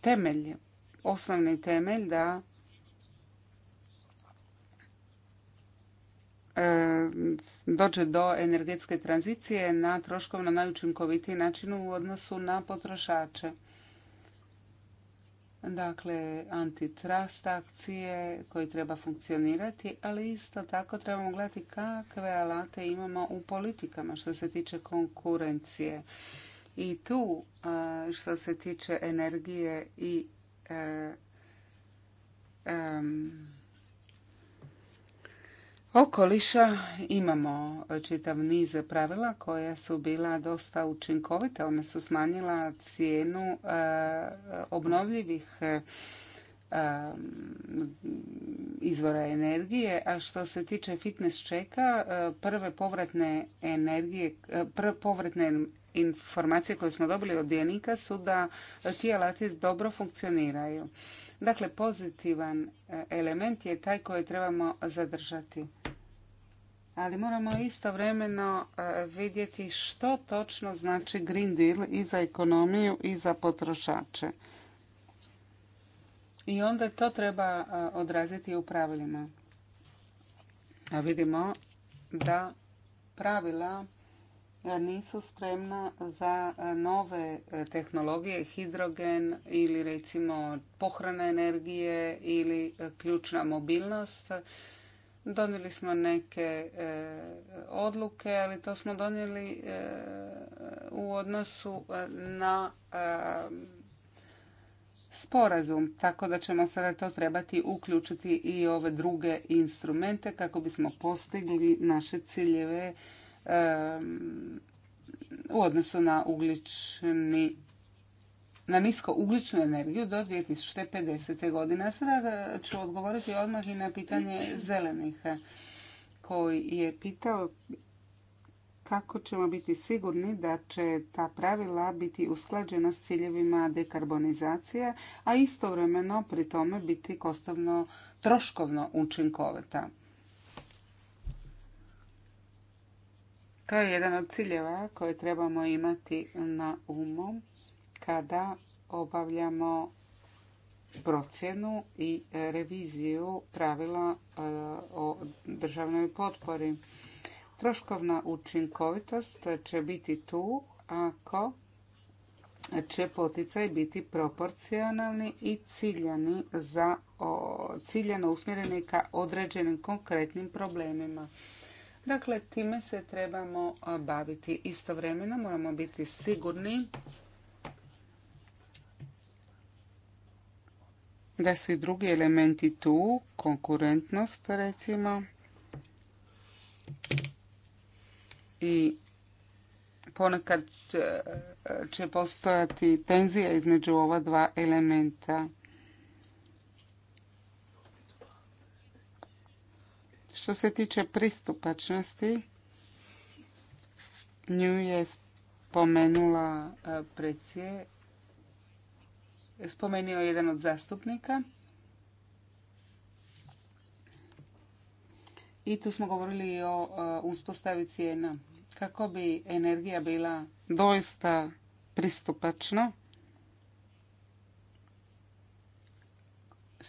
temelj, osnovni temelj da dođe do energetske tranzicije na troškovno najučinkovitiji način u odnosu na potrošače dakle antitrust akcije koji treba funkcionirati, ali isto tako trebamo gledati kakve alate imamo u politikama što se tiče konkurencije. I tu što se tiče energije i e, okoliša imamo čitav niz pravila koja su bila dosta učinkovita. One su smanjila cijenu e, obnovljivih e, e, izvora energije. A što se tiče fitness čeka, prve povratne energije, prve povratne informacije koje smo dobili od dionika su da ti alati dobro funkcioniraju. Dakle, pozitivan e, element je taj koji trebamo zadržati. Ali moramo istovremeno e, vidjeti što točno znači Green Deal i za ekonomiju i za potrošače. I onda to treba e, odraziti u pravilima. A vidimo da pravila nisu spremna za e, nove e, tehnologije, hidrogen ili recimo pohrana energije ili e, ključna mobilnost. Donijeli smo neke odluke, ali to smo donijeli u odnosu na sporazum, tako da ćemo sada to trebati uključiti i ove druge instrumente kako bismo postigli naše ciljeve u odnosu na ugljični na nisko ugličnu energiju do 2050. godine. Sada ću odgovoriti odmah i na pitanje zelenih koji je pitao kako ćemo biti sigurni da će ta pravila biti usklađena s ciljevima dekarbonizacije, a istovremeno pri tome biti kostovno troškovno učinkovita. To je jedan od ciljeva koje trebamo imati na umu kada obavljamo procjenu i e, reviziju pravila e, o državnoj potpori. Troškovna učinkovitost će biti tu ako će poticaj biti proporcionalni i ciljani za ciljano usmjereni ka određenim konkretnim problemima. Dakle, time se trebamo baviti istovremeno. Moramo biti sigurni da su i drugi elementi tu, konkurentnost recimo i ponekad e, e, će postojati tenzija između ova dva elementa. Što se tiče pristupačnosti, nju je spomenula e, predsje, spomenuo jedan od zastupnika. I tu smo govorili o e, uspostavi cijena. Kako bi energija bila doista pristupačna,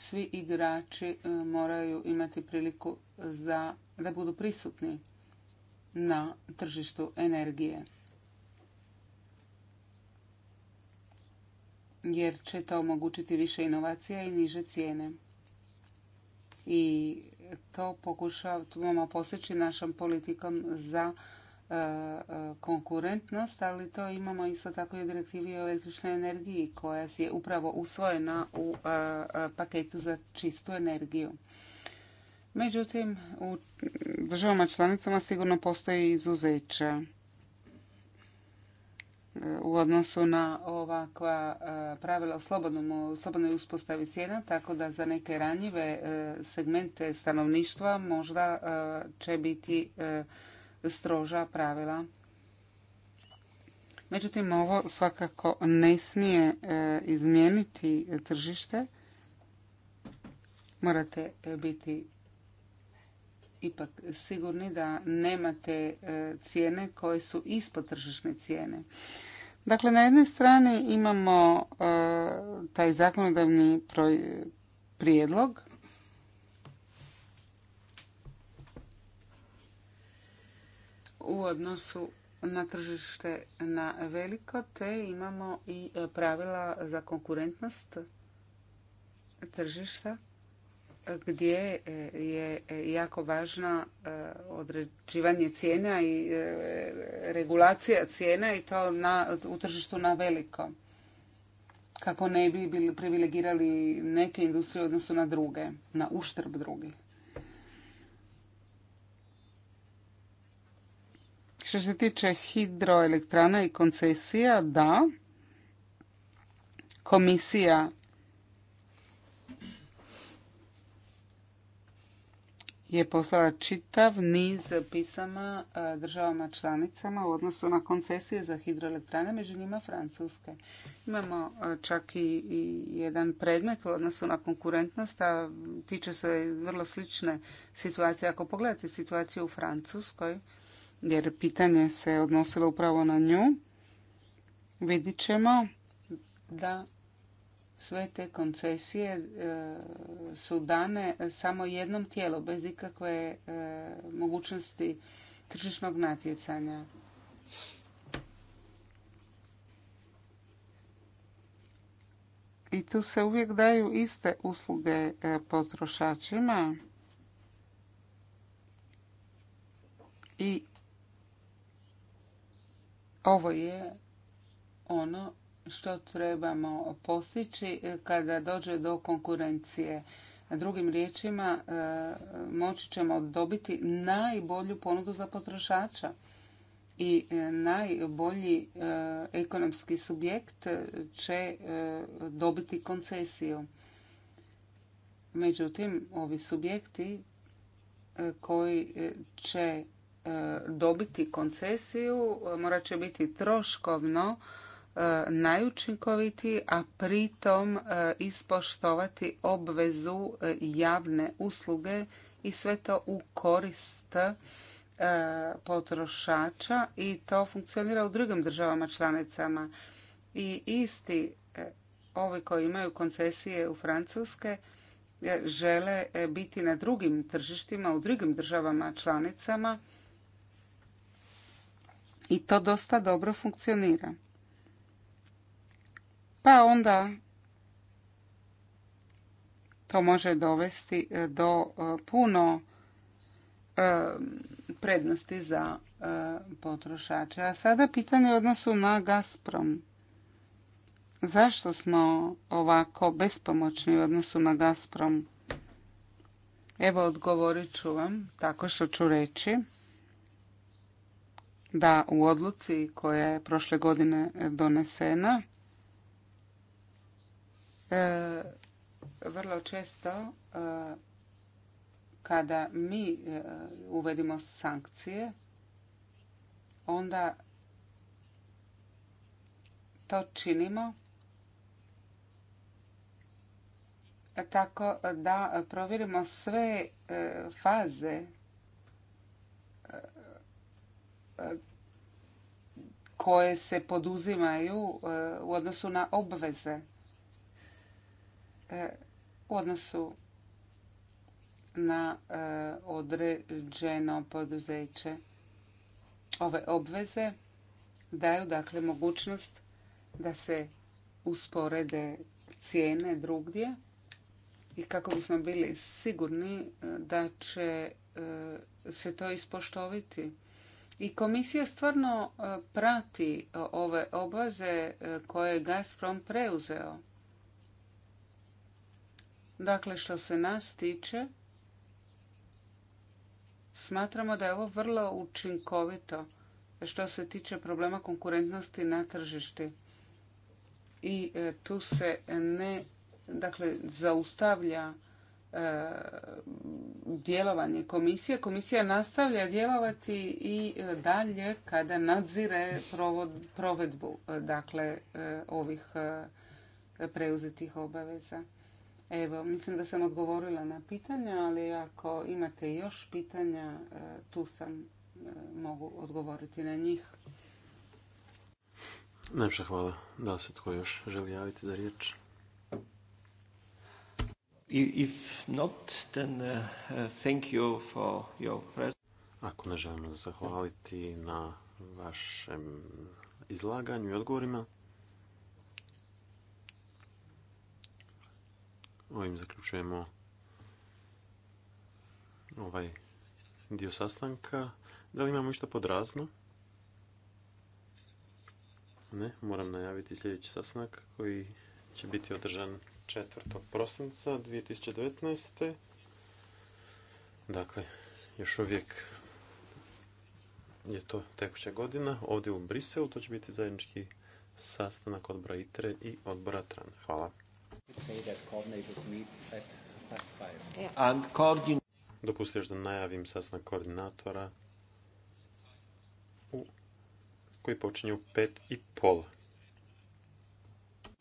svi igrači e, moraju imati priliku za, da budu prisutni na tržištu energije. Jer će to omogućiti više inovacija i niže cijene. I to pokušavamo postići našom politikom za konkurentnost, ali to imamo isto tako i u direktivi o električnoj energiji koja je upravo usvojena u e, e, paketu za čistu energiju. Međutim, u državama članicama sigurno postoji izuzeća e, u odnosu na ovakva pravila o slobodnoj uspostavi cijena, tako da za neke ranjive segmente stanovništva možda će biti stroža pravila. Međutim, ovo svakako ne smije e, izmijeniti tržište. Morate e, biti ipak sigurni da nemate e, cijene koje su ispod tržišne cijene. Dakle, na jednoj strani imamo taj zakonodavni prijedlog u odnosu na tržište na veliko, te imamo i e, pravila za konkurentnost tržišta gdje e, je e, jako važno određivanje cijena i regulacija cijena i to na, u tržištu na veliko. Kako ne bi bili privilegirali neke industrije odnosu na druge, na uštrb drugih. Što se tiče hidroelektrana i koncesija, da. Komisija je poslala čitav niz pisama e, državama članicama u odnosu na koncesije za hidroelektrane, među njima Francuske. Imamo e, čak i jedan predmet u odnosu na konkurentnost, a tiče se vrlo slične situacije. Ako pogledate situaciju u Francuskoj, jer pitanje se odnosilo upravo na nju, vidit ćemo da sve te koncesije e, su dane samo jednom tijelu, bez ikakve e, mogućnosti tržišnog natjecanja. I tu se uvijek daju iste usluge e, potrošačima i ovo je ono što trebamo postići e, kada dođe do konkurencije. Drugim riječima, e, moći ćemo dobiti najbolju ponudu za potrošača i e, najbolji ekonomski subjekt će dobiti koncesiju. Međutim, ovi subjekti koji će E, dobiti koncesiju morat će biti troškovno e, najučinkovitiji, a pritom e, ispoštovati obvezu javne usluge i sve to u korist potrošača i to funkcionira u drugim državama članicama. I isti ovi koji imaju koncesije u Francuske žele biti na drugim tržištima, u drugim državama članicama i to dosta dobro funkcionira. Pa onda to može dovesti e, do e, puno e, prednosti za potrošače. A sada pitanje u odnosu na Gazprom. Zašto smo ovako bespomoćni u odnosu na Gazprom? Evo odgovorit ću vam tako što ću reći da u odluci koja je prošle godine donesena e, vrlo često e, kada mi e, uvedimo sankcije onda to činimo tako da provjerimo sve faze koje se poduzimaju e, u odnosu na obveze e, u odnosu na e, određeno poduzeće. Ove obveze daju dakle mogućnost da se usporede cijene drugdje i kako bismo bili sigurni da će se to ispoštoviti i komisija stvarno e, prati e, ove obaze e, koje je Gazprom preuzeo. Dakle, što se nas tiče, smatramo da je ovo vrlo učinkovito što se tiče problema konkurentnosti na tržišti. I tu se ne, dakle, zaustavlja E, djelovanje komisije. Komisija nastavlja djelovati i dalje kada nadzire provedbu e, dakle e, ovih preuzetih obaveza. Evo, mislim da sam odgovorila na pitanja, ali ako imate još pitanja, tu sam mogu odgovoriti na njih. Najpša hvala. Da se tko još želi javiti za riječ? If not, uh, uh, thank you for Ako ne želimo zahvaliti na vašem izlaganju i odgovorima, ovim zaključujemo ovaj dio sastanka. Da li imamo išta podrazno? Ne, moram najaviti sljedeći sastanak koji će biti održan 4. prosinca 2019. Dakle, još uvijek je to tekuća godina. Ovdje u Briselu to će biti zajednički sastanak odbora ITRE i odbora TRAN. Hvala. dopustio da najavim sastanak koordinatora koji počinje u pet i pola.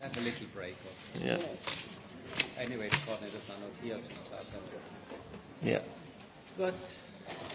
Have a little break. Also. Yeah. Anyway, the coordinators are not here to start. Yeah. First,